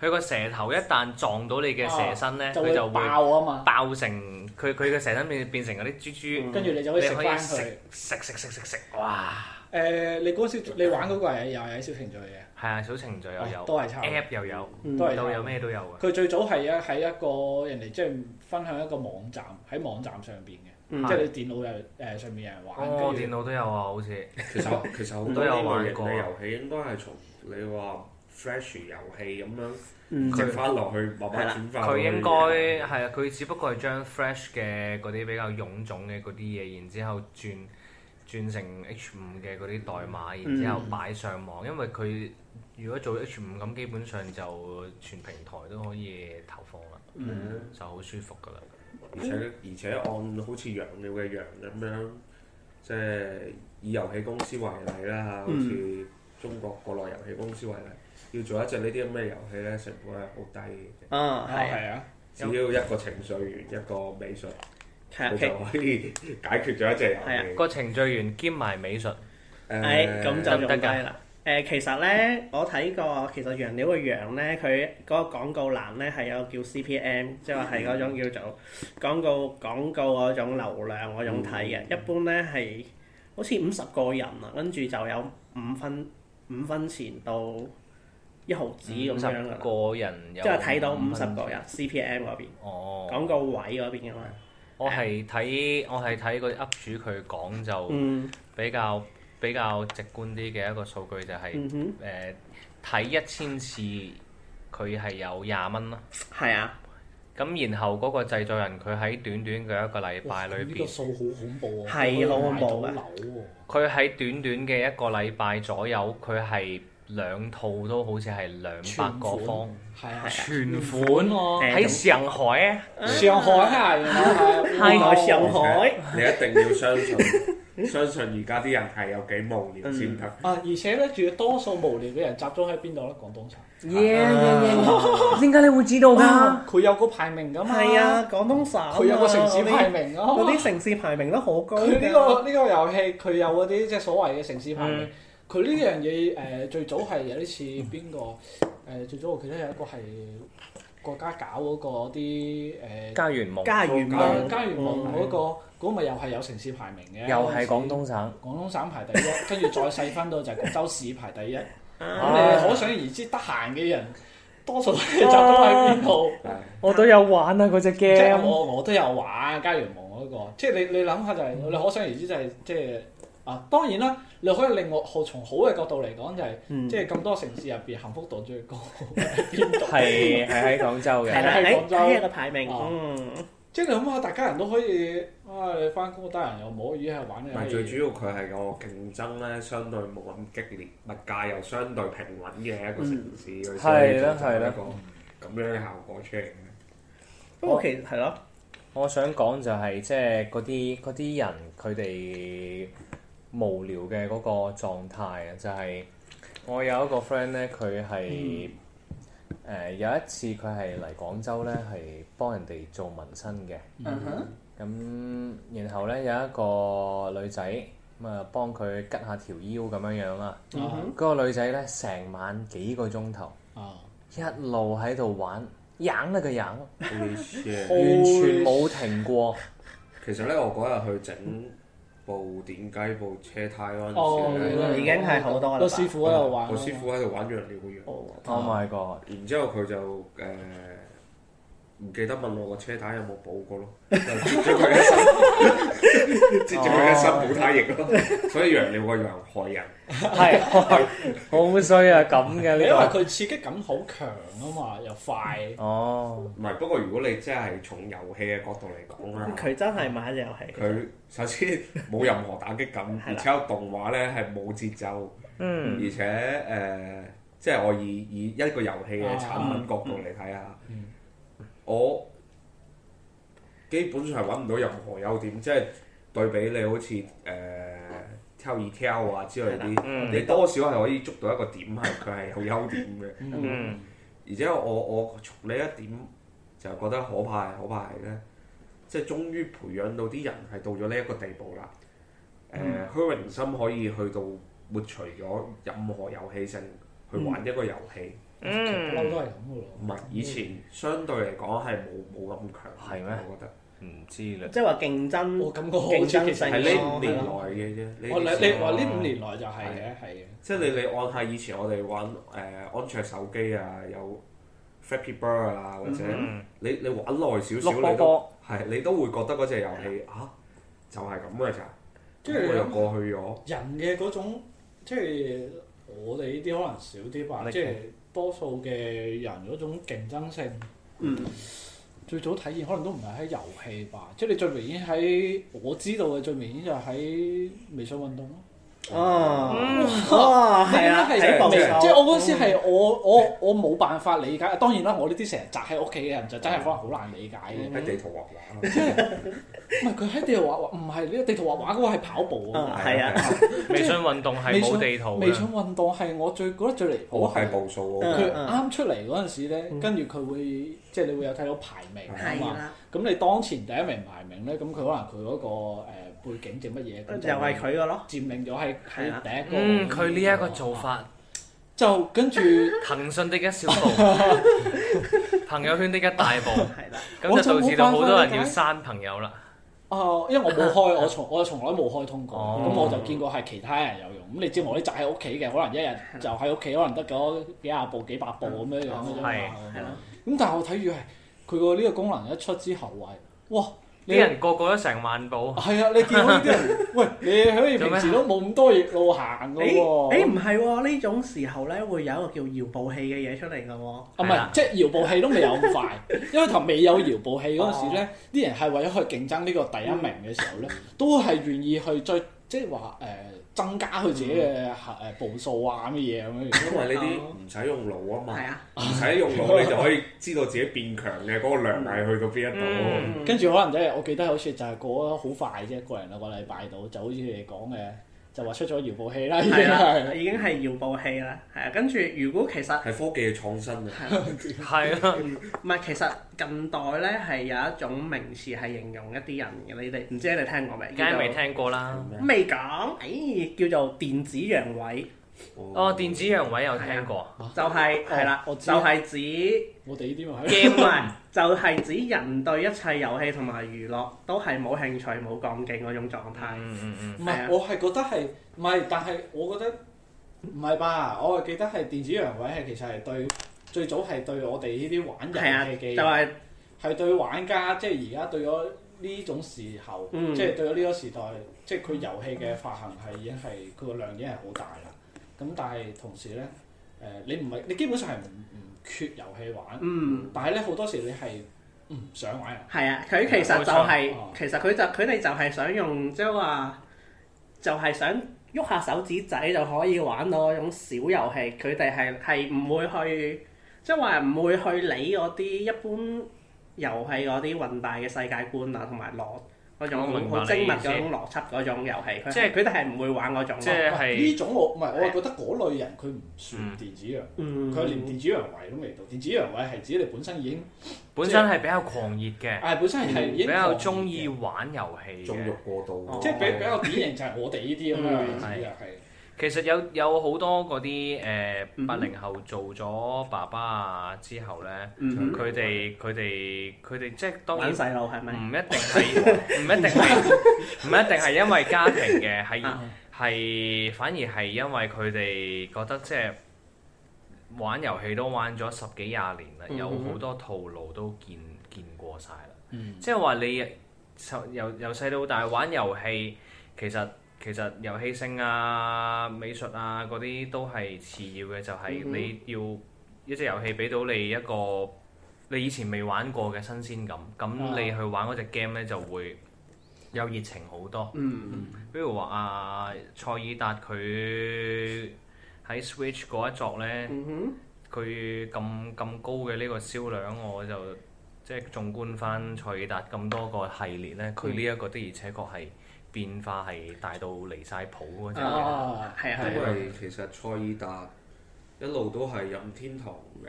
佢個蛇頭一旦撞到你嘅蛇身咧，佢就爆啊嘛！爆成佢佢嘅蛇身變變成嗰啲珠珠，跟住你就可以食食食食食食哇！誒，你嗰時你玩嗰個又有係小程序嘅？係啊，小程序又有，App 都又有，都都有咩都有嘅。佢最早係啊，喺一個人哋即係分享一個網站，喺網站上邊嘅，即係電腦又誒上面有人玩。我電腦都有啊，好似。其實其實好多有玩過。遊戲應該係從你話 Flash 遊戲咁樣，佢翻落去佢應該係啊，佢只不過係將 Flash 嘅嗰啲比較臃腫嘅嗰啲嘢，然之後轉轉成 H 五嘅嗰啲代碼，然之後擺上網，因為佢。如果做 H5 咁，基本上就全平台都可以投放啦，mm hmm. 就好舒服噶啦。而且而且按好似羊料嘅羊咁樣，即係以遊戲公司為例啦嚇，好似中國國內遊戲公司為例，要做一隻呢啲咁嘅遊戲咧，成本係好低嘅。啊，啊，只要一個程序員一個美術，嗯、你就可以 解決咗一隻遊戲。係、嗯、 個程序員兼埋美術，誒、欸，就得唔得㗎？誒、呃、其實咧，我睇過其實羊料嘅羊咧，佢嗰個廣告欄咧，係有叫 C P M，即係話係嗰種叫做廣告廣告嗰種流量嗰種睇嘅。嗯、一般咧係好似五十個人啊，跟住就有五分五分錢到一毫子咁樣嘅。五十個人有，即係睇到五十個人 C P M 嗰邊。哦，廣告位嗰邊嘅嘛。我係睇、嗯、我係睇嗰 up 主佢講就比較。比較直觀啲嘅一個數據就係誒，睇一千次，佢係有廿蚊咯。係啊，咁然後嗰個製作人佢喺短短嘅一個禮拜裏邊，呢個數好恐怖啊！係啊，冇樓喎。佢喺短短嘅一個禮拜左右，佢係兩套都好似係兩百個方，係啊，全款喺上海啊，上海係啊，喺上海，你一定要相信，相信而家啲人係有幾無聊先得。啊，而且咧，仲要多數無聊嘅人集中喺邊度咧？廣東省。耶耶耶！點解你會知道㗎？佢有個排名㗎嘛。係啊，廣東省。佢有個城市排名，嗰啲城市排名都好高。佢呢個呢個遊戲，佢有嗰啲即係所謂嘅城市排名。佢呢樣嘢誒，最早係有啲似邊個？誒，最早我記得有一個係國家搞嗰個啲誒。家園夢。家園家園夢嗰嗰咪又係有城市排名嘅，又係廣東省，廣東省排第一，跟住再細分到就係廣州市排第一。我哋可想而知，得閒嘅人多數都集中喺邊度？我都有玩啊嗰隻 game，我我都有玩《家園夢》嗰個。即係你你諗下就係，你可想而知就係即係啊！當然啦，你可以令我好從好嘅角度嚟講就係，即係咁多城市入邊幸福度最高係邊度？係係喺廣州嘅，係啦，喺喺個排名，嗯。即係你諗下，大家人都可以啊！你翻工，單人又唔可以喺度玩嘅。但係最主要佢係個競爭咧，相對冇咁激烈，物價又相對平穩嘅一個城市，佢先可以做出一個咁樣嘅效果出嚟嘅。Okay，我其實係咯，我想講就係即係嗰啲嗰啲人佢哋無聊嘅嗰個狀態啊，就係、是、我有一個 friend 咧，佢係、嗯。誒有一次佢係嚟廣州咧，係幫人哋做紋身嘅。嗯哼。咁然後咧有一個女仔咁啊，幫佢拮下條腰咁樣樣啦。嗯哼。嗰個女仔咧，成晚幾個鐘頭。哦。一路喺度玩，飲啊佢飲。完全冇停過。其實咧，我嗰日去整。部點解部車胎咯，已經係好多個師傅喺度玩，個師傅喺度玩藥、oh、my god！然之後佢就誒。Uh 唔記得問我個車胎有冇補過咯，接住佢一身，接住佢一身補胎液咯。所以羊了個羊害人，係好衰啊！咁嘅，因為佢刺激感好強啊嘛，又快 哦。唔係，不過如果你真係從遊戲嘅角度嚟講啦，佢真係買隻遊戲。佢首先冇任何打擊感， 吧而且個動畫咧係冇節奏，嗯，而且誒，即、呃、係、就是、我以以一個遊戲嘅產品角度嚟睇下。嗯嗯我基本上揾唔到任何優點，即係對比你好似誒、呃、挑二挑啊之類啲，的你多少係可以捉到一個點，係佢係有優點嘅。嗯，而且我我從呢一點就覺得可怕，可怕係咧，即係終於培養到啲人係到咗呢一個地步啦。誒、嗯，虛榮、呃、心可以去到抹除咗任何遊戲性去玩一個遊戲。嗯嗯，都係咁嘅咯。唔係以前相對嚟講係冇冇咁強，係咩？我覺得唔知咧。即係話競爭，其實係呢五年內嘅啫。你你話呢五年內就係嘅，係嘅。即係你你按下以前我哋玩誒安卓手機啊，有 Flappy Bird 啊，或者你你玩耐少少，你都你都會覺得嗰隻遊戲啊就係咁嘅咋，即係又過去咗。人嘅嗰種即係我哋呢啲可能少啲吧，即係。多數嘅人嗰種競爭性，最早體現可能都唔係喺遊戲吧，即係你最明顯喺我知道嘅最明顯就係喺微信運動咯。啊！哇，係啊，即係我嗰陣時係我我我冇辦法理解。當然啦，我呢啲成日宅喺屋企嘅人就真係可能好難理解。喺地圖畫畫，即係唔係佢喺地圖畫畫？唔係呢個地圖畫畫嗰個係跑步啊！係啊，微信運動係冇地圖。微信運動係我最覺得最離譜。我係步數喎，佢啱出嚟嗰陣時咧，跟住佢會即係你會有睇到排名啊嘛。咁你當前第一名排名咧，咁佢可能佢嗰個背景定乜嘢咁？又係佢個咯，佔領咗係係第一個。嗯，佢呢一個做法，就跟住騰訊的一小步，朋友圈的一大步，係啦。咁就導致到好多人要刪朋友啦。哦，因為我冇開，我從我從來冇開通過，咁我就見過係其他人有用。咁你知我啲宅喺屋企嘅，可能一日就喺屋企，可能得嗰幾廿步、幾百步咁樣樣嘅啫嘛。咁但係我睇住係佢個呢個功能一出之後，哇！啲人個個都成萬步，係啊！你見到呢啲人， 喂，你可以平時都冇咁多路行㗎喎。誒，唔係喎，呢、欸哦、種時候咧會有一個叫搖步器嘅嘢出嚟㗎喎。唔係，即係搖步器都未有咁快， 因為開頭未有搖步器嗰陣時咧，啲、哦、人係為咗去競爭呢個第一名嘅時候咧，嗯、都係願意去再即係話誒。呃增加佢自己嘅誒步數啊，乜嘢咁樣。因為呢啲唔使用腦啊嘛，唔使 用腦 你就可以知道自己變強嘅嗰個量係去到邊一度。跟住可能即係我記得好似就係過咗好快啫，過完兩個禮拜到，就好似你哋講嘅。就話出咗遙控器啦，已經係、啊、已經係遙控器啦，係啊。跟住如果其實係科技嘅創新 是啊， 係啊，唔係其實近代咧係有一種名詞係形容一啲人嘅，你哋唔知你聽過未？梗係未聽過啦，未講，誒、哎、叫做電子陽痿。哦，oh, 電子陽痿有聽過，就係係啦，就係、是哦、指我哋呢啲嘛 g a m 就係指人對一切遊戲同埋娛樂都係冇興趣、冇幹勁嗰種狀態。唔係、嗯嗯啊，我係覺得係唔係？但係我覺得唔係吧。我係記得係電子陽痿係其實係對最早係對我哋呢啲玩遊戲嘅，就係、是、係對玩家，即係而家對咗呢種時候，即係、嗯、對咗呢個時代，即係佢遊戲嘅發行係已經係佢個量已經係好大啦。咁但係同時咧，誒、呃、你唔係你基本上係唔唔缺遊戲玩，嗯、但係咧好多時你係唔想玩。係啊，佢其實就係、是嗯、其實佢就佢哋就係想用即係話，就係、是就是、想喐下手指仔就可以玩到嗰種小遊戲。佢哋係係唔會去，即係話唔會去理嗰啲一般遊戲嗰啲宏大嘅世界觀啊，同埋攞。我好精密嗰種邏輯嗰種遊戲，即係佢哋係唔會玩嗰種。即係呢種我唔係，我係覺得嗰類人佢唔算電子遊，佢、嗯、連電子遊位都未到。電子遊位係指你本身已經本身係比較狂熱嘅，係、嗯、本身已係比較中意玩遊戲嘅，縱欲過度，哦、 即係比比較典型就係我哋呢啲咁樣例其實有有好多嗰啲誒，八零後做咗爸爸啊之後呢，佢哋佢哋佢哋即係當然細路係咪，唔一定係唔、嗯、哼一定係唔 一定係因為家庭嘅，係係反而係因為佢哋覺得即係玩遊戲都玩咗十幾廿年啦，嗯、哼有好多套路都見見過晒啦。即係話你由由細到大玩遊戲其實。其實遊戲性啊、美術啊嗰啲都係次要嘅，就係你要一隻遊戲俾到你一個你以前未玩過嘅新鮮感，咁你去玩嗰隻 game 呢，就會有熱情好多。嗯嗯。比如話啊，賽爾達佢喺 Switch 嗰一作呢，佢咁咁高嘅呢個銷量，我就即係縱觀返賽爾達咁多個系列呢，佢呢一個的而且確係。變化係大到離晒譜嗰隻嘅，因為其實賽爾達一路都係任天堂嘅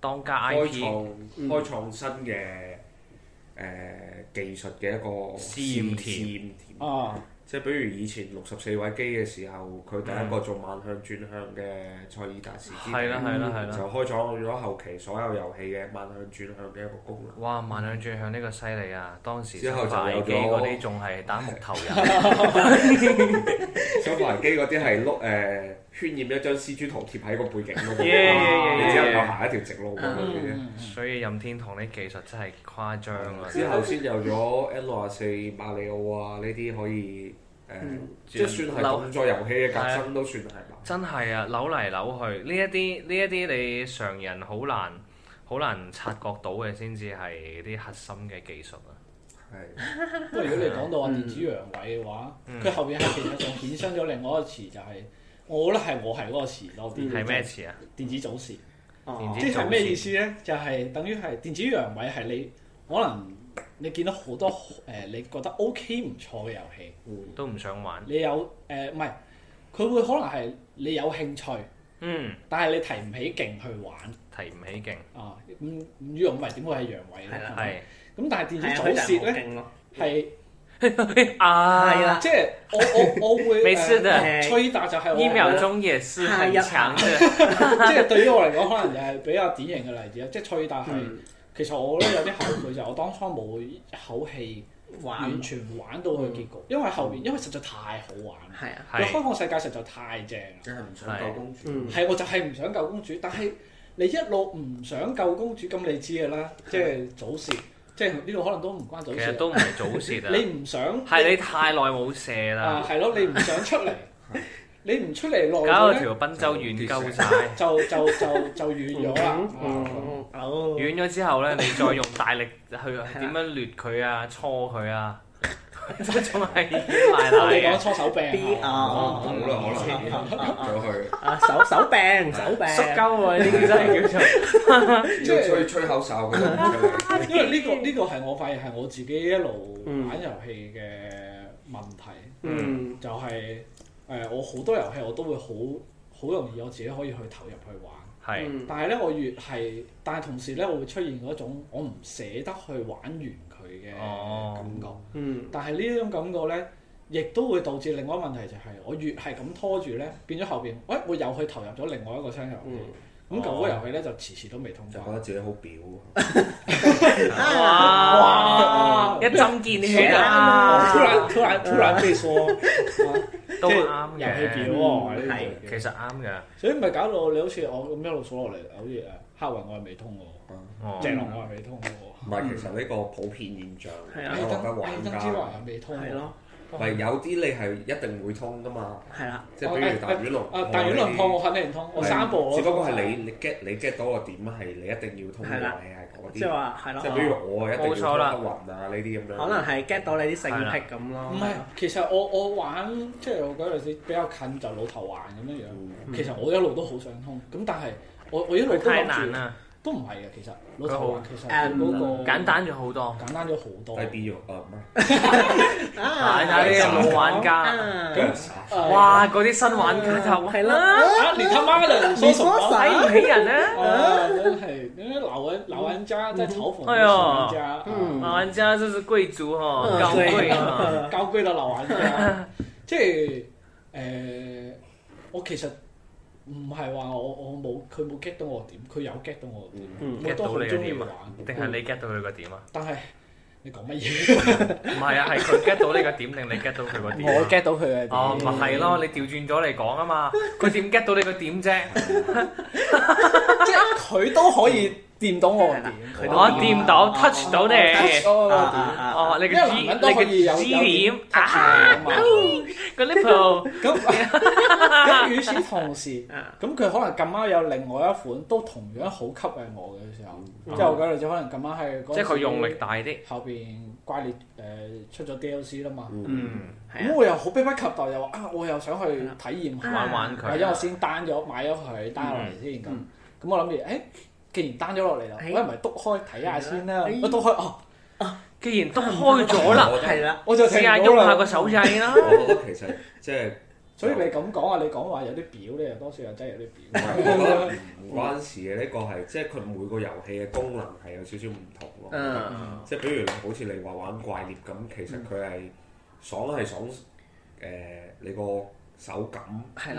當家開創開創新嘅誒、嗯呃、技術嘅一個試驗田。即係比如以前六十四位機嘅時候，佢第一個做萬向轉向嘅賽爾達時之領，就開咗咗後期所有遊戲嘅萬向轉向嘅一個功能。哇！萬向轉向呢個犀利啊！當時初玩機嗰啲仲係打木頭人，初玩 機嗰啲係碌誒。呃渲染一張 C G 圖貼喺個背景度、yeah, yeah, yeah, yeah, 啊，你只有有下一條直路。Yeah, yeah, yeah, yeah, yeah. 所以任天堂啲技術真係誇張啊、嗯！之後先有咗 N 六十四、馬里奧啊，呢啲可以誒，即、呃、係、嗯、算係動作遊戲嘅革新都算係、嗯嗯、真係啊，扭嚟扭去，呢一啲呢一啲你常人好難好難察覺到嘅，先至係啲核心嘅技術啊！係、啊， 不過如果你講到話電子陽痿嘅話，佢後邊係其實仲衍生咗另外一個詞，就係、是。我咧係我係嗰個詞多啲，電子早洩。電子早洩。啊、即係咩意思咧？就係、是、等於係電子陽痿係你可能你見到好多誒、呃，你覺得 OK 唔錯嘅遊戲，都唔想玩。你有誒唔係？佢、呃、會可能係你有興趣，嗯，但係你提唔起勁去玩，提唔起勁。啊，唔唔用咪點會係陽痿咧？係。咁但係電子早洩咧，係。啊，即係我我我會，沒事的。吹打就係一秒鐘夜是很長的，即係對於我嚟講，可能就係比較典型嘅例子啦。即係吹打係，其實我咧有啲後悔，就我當初冇一口氣完全玩到佢結局，因為後邊因為實在太好玩，係啊，個開放世界實在太正，真係唔想救公主，係我就係唔想救公主。但係你一路唔想救公主，咁你知噶啦，即係早洩。即係呢度可能都唔關，其實都唔係早泄 想 啊！你唔想係你太耐冇射啦。係咯，你唔想出嚟， 你唔出嚟耐咗條賓州軟鳩晒，就就就就軟咗啦。哦、 嗯，軟咗、嗯、之後咧， 你再用大力去點樣攣佢啊，搓佢啊！一種係，你講搓手柄，好啦好啦，入咗去啊手手柄，手柄，縮鳩啊，呢啲真係，即係吹吹口哨，因為呢個呢個係我發現係我自己一路玩遊戲嘅問題，就係誒我好多遊戲我都會好好容易我自己可以去投入去玩，係，但係咧我越係，但係同時咧我會出現嗰種我唔捨得去玩完。佢嘅感覺，嗯，但係呢種感覺咧，亦都會導致另外一個問題，就係我越係咁拖住咧，變咗後邊，喂，我又去投入咗另外一個遊戲，咁舊嗰個遊戲咧就遲遲都未通過。就覺得自己好表、啊 哇，哇！一針見血啊！突然突然突然被縮。都啱，遊戲表喎，係、嗯、其實啱嘅，所以唔係搞到你好似我咁一路數落嚟，好似誒黑雲我係未通嘅喎，謝龍、嗯、我係未通嘅。唔係，其實呢個普遍現象，我覺得玩家係未通嘅。係有啲你係一定會通噶嘛，即係比如大魚龍，大魚龍通我肯定唔通，我三步我通。只不過係你你 get 你 get 到個點啊，係你一定要通嘅，係嗰啲。即係話係咯。即係比如我一定要過得雲啊，呢啲咁樣。可能係 get 到你啲性癖咁咯。唔係，其實我我玩即係我嗰陣時比較近就老頭環咁樣樣，其實我一路都好想通，咁但係我我一路都諗住。太都唔係嘅，其實，嗰套其實嗰個簡單咗好多，簡單咗好多。I D 肉啊咩？睇下啲老玩家，哇！嗰啲新玩家就係啦，你，他媽都唔熟熟，睇唔起人啊！都係老老玩家在嘲諷新玩家，老玩家就是貴族嚇，高貴嘛，高貴的老玩家。即係誒，我其實。唔係話我我冇佢冇 get 到我點，佢有 get 到我點。我、嗯、都好中意玩，get 到你個點啊？定係你 get 到佢個點啊？但係你講乜嘢？唔係啊，係佢 get 到你個點，定你 get 到佢個點。我 get 到佢嘅點。哦，咪係咯，你調轉咗嚟講啊嘛，佢點 get 到你個點啫？即係佢都可以。掂到我啦，我掂到 touch 到你，啊啊啊！哦，你嘅你嘅支點啊，嗰啲鋪咁咁，與此同時，咁佢可能咁啱有另外一款都同樣好吸引我嘅時候，即係我覺得就可能咁啱係，即係佢用力大啲，後邊怪獵誒出咗 DLC 啦嘛。嗯，咁我又好迫不及待又話啊，我又想去體驗下，或者我先 down 咗買咗佢 down 落嚟先咁。咁我諗住誒。既然 down 咗落嚟啦，唔咪篤開睇下先啦。我篤開哦，既然篤開咗啦，係啦，我試下喐下個手掣啦。其實即係，所以你咁講啊，你講話有啲表咧，多少又真有啲表。唔關事嘅呢個係，即係佢每個遊戲嘅功能係有少少唔同咯。即係比如好似你話玩怪獵咁，其實佢係爽係爽，誒你個手感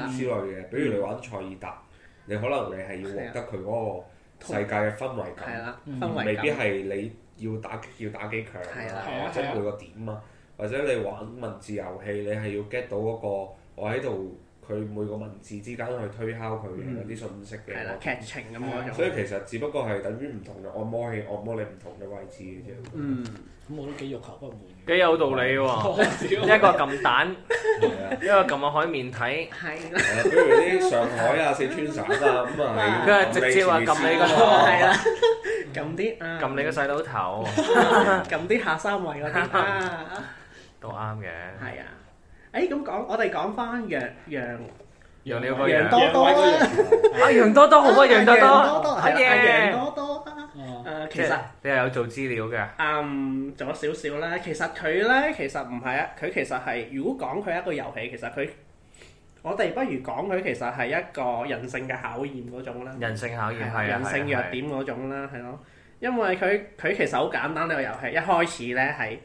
之類嘅。比如你玩賽爾達，你可能你係要獲得佢嗰世界嘅氛圍感，的嗯、未必係你要打，嗯、要，打要打幾強啊，的或者每個點啊，的或者你玩文字遊戲，你係要 get 到嗰個我喺度。佢每個文字之間去推敲佢嘅啲信息嘅劇情噉樣，所以其實只不過係等於唔同嘅按摩器按摩你唔同嘅位置嘅啫。嗯，咁我都幾欲求不滿。幾有道理喎！一個撳蛋，一個撳個海綿體。係。比如啲上海啊、四川省啊咁啊，係直接話撳你個老豆頭。係啦，撳啲。撳你個細佬頭，撳啲下三位嗰啲。都啱嘅。係啊。誒，咁講、哎、我哋講翻楊楊楊了嗰楊多多啦、啊，阿楊多多好啊，楊 多多係啊，楊、啊啊、多多誒，其實你係有做資料嘅？嗯，做咗少少啦。其實佢咧，其實唔係啊，佢其實係如果講佢一個遊戲，其實佢我哋不如講佢其實係一個人性嘅考驗嗰種啦，人性考驗係人性弱點嗰種啦，係咯的。因為佢佢其實好簡單呢、這個遊戲，一開始咧係。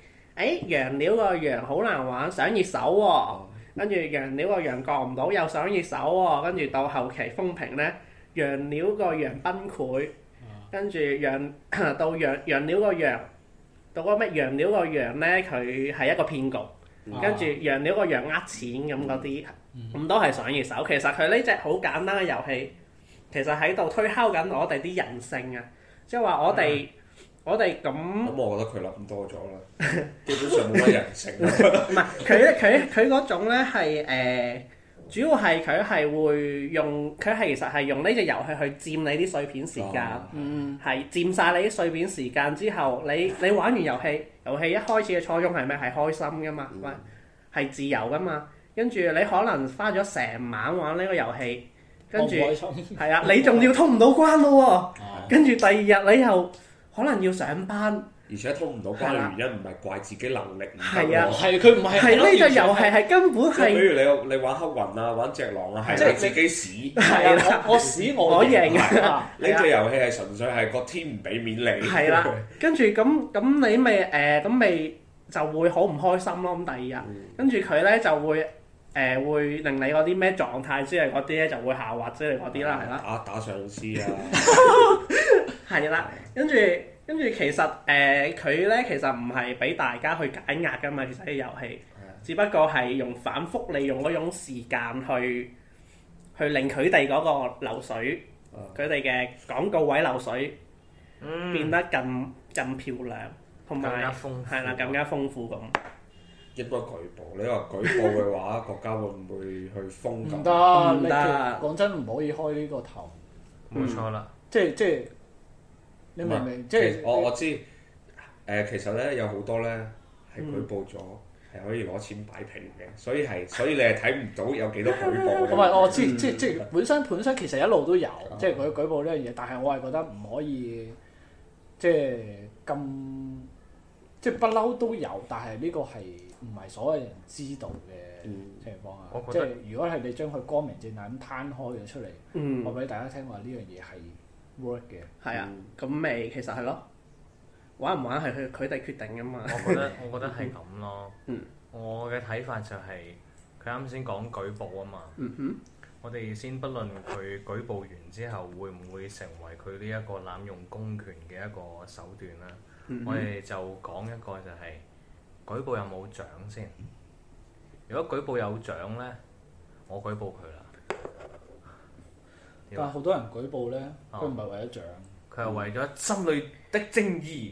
誒，羊料個羊好難玩，上熱搜喎，跟住羊料個羊過唔到，又上熱搜喎，跟住到後期風評咧，羊料個羊崩潰，跟住羊到羊羊料個羊到個咩羊料個羊咧，佢係一個騙局，跟住、啊、羊料個羊呃錢咁嗰啲，咁、嗯嗯、都係上熱搜。其實佢呢隻好簡單嘅遊戲，其實喺度推敲緊我哋啲人性啊，即係話我哋、嗯。我哋咁、嗯、我覺得佢諗多咗啦。基本上冇乜人性。唔係佢，佢佢嗰種咧係誒，主要係佢係會用，佢其實係用呢隻遊戲去佔你啲碎片時間。嗯，係佔晒你啲碎片時間之後，你你玩完遊戲，遊戲一開始嘅初衷係咩？係開心㗎嘛，係係、嗯、自由㗎嘛。跟住你可能花咗成晚玩呢個遊戲，跟住係啊，你仲要通唔到關咯喎。 啊、跟住第二日你又。可能要上班，而且通唔到關嘅原因唔係怪自己能力唔夠，係佢唔係。係呢隻遊戲係根本係，比如你你玩黑魂啊，玩隻狼啊，係自己屎。係啦，我屎我贏呢隻遊戲係純粹係個天唔俾面你。係啦，跟住咁咁你咪誒咁咪就會好唔開心咯。咁第二日跟住佢咧就會誒會令你嗰啲咩狀態之類嗰啲咧就會下滑之類嗰啲啦，係啦。打打上司啊！係啦，跟住跟住，其實誒佢咧，呃、其實唔係俾大家去解壓噶嘛，其實係遊戲，只不過係用反覆利用嗰種時間去去令佢哋嗰個流水，佢哋嘅廣告位流水變得更更漂亮，同埋係啦，更加豐富咁。應該舉報你話舉報嘅話， 國家會唔會去封禁？唔得唔得，講真唔可以開呢個頭。冇錯啦、mm.，即係即係。你明唔明？即係我我知，誒其實咧實你有好多咧係舉報咗，係、嗯、可以攞錢擺平嘅，所以係，所以你係睇唔到有幾多舉報。唔係、嗯，我知、嗯，即即本身本身其實一路都有，即係佢舉報呢樣嘢，但係我係覺得唔可以，即係咁，即係不嬲都有，但係呢個係唔係所有人知道嘅情況啊？即係、嗯、如果係你將佢光明正大咁攤開咗出嚟，嗯、我俾大家聽話呢樣嘢係。work 嘅，係啊，咁咪其實係咯，玩唔玩係佢佢哋決定噶嘛，我。我覺得我覺得係咁咯。嗯嗯。我嘅睇法就係佢啱先講舉報啊嘛。嗯哼。我哋先不論佢舉報完之後會唔會成為佢呢一個濫用公權嘅一個手段啦。嗯哼。我哋就講一個就係、是、舉報有冇獎先。如果舉報有獎呢，我舉報佢啦。但係好多人舉報咧，佢唔係為咗獎，佢係為咗心裏的正義。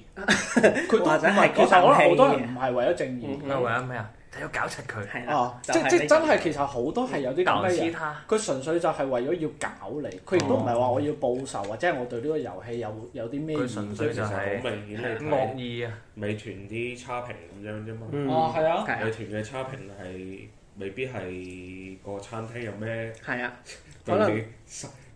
佢都唔係其實可能好多人唔係為咗正義，係為咗咩啊？要搞齊佢。係啦。即即真係其實好多係有啲咁嘅人，佢純粹就係為咗要搞你。佢亦都唔係話我要報仇，或者我對呢個遊戲有有啲咩。佢純粹就係好明顯惡意啊！美團啲差評咁樣啫嘛。哦，係啊。美團嘅差評係未必係個餐廳有咩？係啊。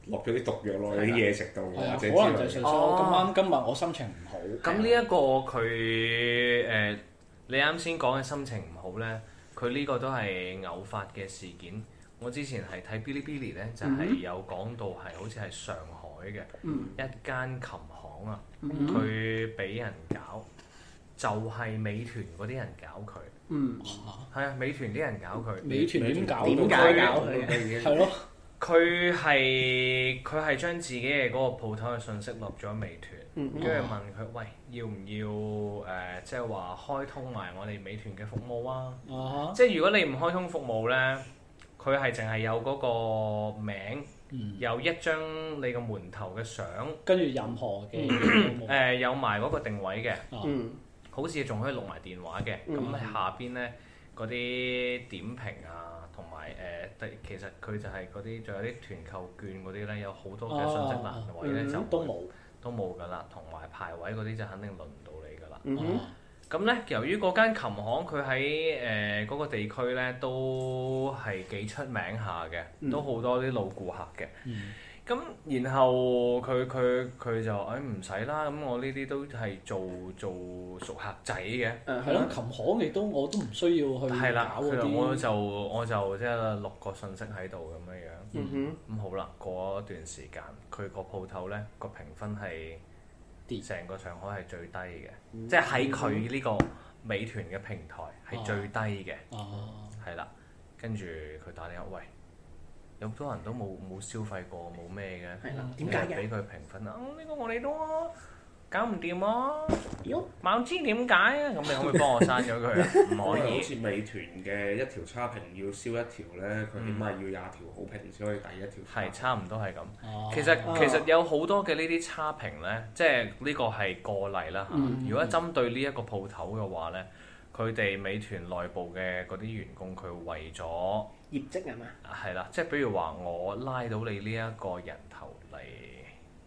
落咗啲毒藥咯，啲嘢的食到，嗯、可能就咁、是、啱、哦、今日我心情唔好。咁呢一個佢誒、呃，你啱先講嘅心情唔好呢，佢呢個都係偶發嘅事件。我之前係睇 Bilibili 呢，就係有講到係好似係上海嘅、嗯、一間琴行啊，佢俾人搞，就係、是、美團嗰啲人搞佢。嗯，係啊，美團啲人搞佢，美團點搞？點解搞佢嘅？係咯。佢係佢係將自己嘅嗰個鋪頭嘅信息落咗美團，跟住、嗯啊、問佢：喂，要唔要誒？即係話開通埋我哋美團嘅服務啊！啊即係如果你唔開通服務呢，佢係淨係有嗰個名，嗯、有一張你個門頭嘅相，跟住任何嘅誒、嗯呃、有埋嗰個定位嘅，嗯啊、好似仲可以錄埋電話嘅。咁喺下邊呢，嗰啲點評啊～誒、呃，其實佢就係嗰啲，仲有啲團購券嗰啲呢，有好多嘅信息欄，或者就都冇，都冇㗎啦。同埋排位嗰呢啲、嗯、就，就肯定輪唔到你㗎啦。咁、嗯哼嗯、呢，由於嗰間琴行佢喺誒嗰個地區呢，都係幾出名下嘅，都好多啲老顧客嘅。嗯嗯咁、嗯、然後佢佢佢就誒唔使啦，咁、哎、我呢啲都係做做熟客仔嘅。誒係咯，嗯、琴行亦都我都唔需要去搞嗰啲。係啦，我就我就即係錄個信息喺度咁樣樣。嗯哼。咁、嗯、好啦，過一段時間，佢個鋪頭呢個評分係成低個上海係最低嘅，嗯、即係喺佢呢個美團嘅平台係最低嘅。哦、啊。係、啊、啦，跟住佢打電話喂。啊咁多人都冇冇消費過，冇咩嘅，點解俾佢評分啊！呢、呢個我哋都搞唔掂啊！唔、哎、呦唔知點解啊？咁你可唔可以幫我刪咗佢啊？唔 可以。好似美團嘅一條差評要消一條呢，佢點解要廿條好評先可以抵一條差評？係差唔多係咁、哦。其實其實有好多嘅呢啲差評呢，即係呢個係個例啦。啊嗯、如果針對呢一個鋪頭嘅話呢，佢哋美團內部嘅嗰啲員工，佢為咗～業績係嘛？係啦，即係比如話，我拉到你呢一個人頭嚟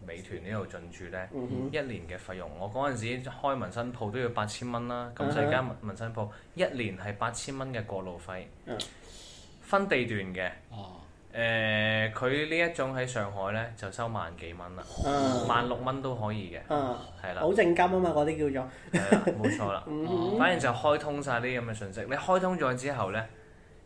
美團呢度進駐呢，嗯、哼一年嘅費用，我嗰陣時開紋身鋪都要八千蚊啦。咁就係間紋身鋪，一年係八千蚊嘅過路費，嗯、分地段嘅。哦，佢呢、呃、一種喺上海呢，就收萬幾蚊啦，萬六蚊都可以嘅。嗯，係啦了，保證金啊嘛，嗰啲叫做。係 啦，冇錯啦。嗯、反正就開通晒呢啲咁嘅信息。你開通咗之後呢。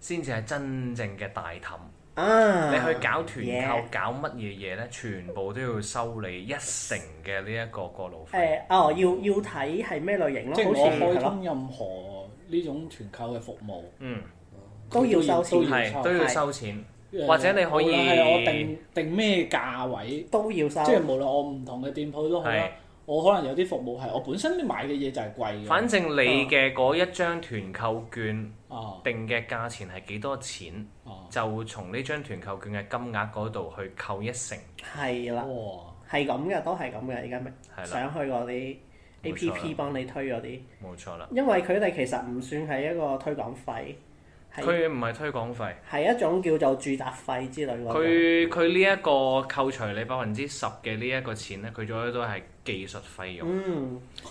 先至係真正嘅大氹，你去搞團購搞乜嘢嘢呢？全部都要收你一成嘅呢一個過路費。哦，要要睇係咩類型咯。即好似開通任何呢種團購嘅服務，嗯，都要都要收錢。或者你可以，無論係我定定咩價位，都要收。即係無論我唔同嘅店鋪都好，我可能有啲服務係我本身啲買嘅嘢就係貴。反正你嘅嗰一張團購券。哦、定嘅價錢係幾多錢，哦、就從呢張團購券嘅金額嗰度去扣一成。係啦了，係咁嘅，都係咁嘅。而家咪想去嗰啲 A P P 幫你推嗰啲。冇錯啦。因為佢哋其實唔算係一個推廣費，佢唔係推廣費，係一種叫做住宅費之類。佢佢呢一個扣除你百分之十嘅呢一個錢咧，佢左右都係。技術費用，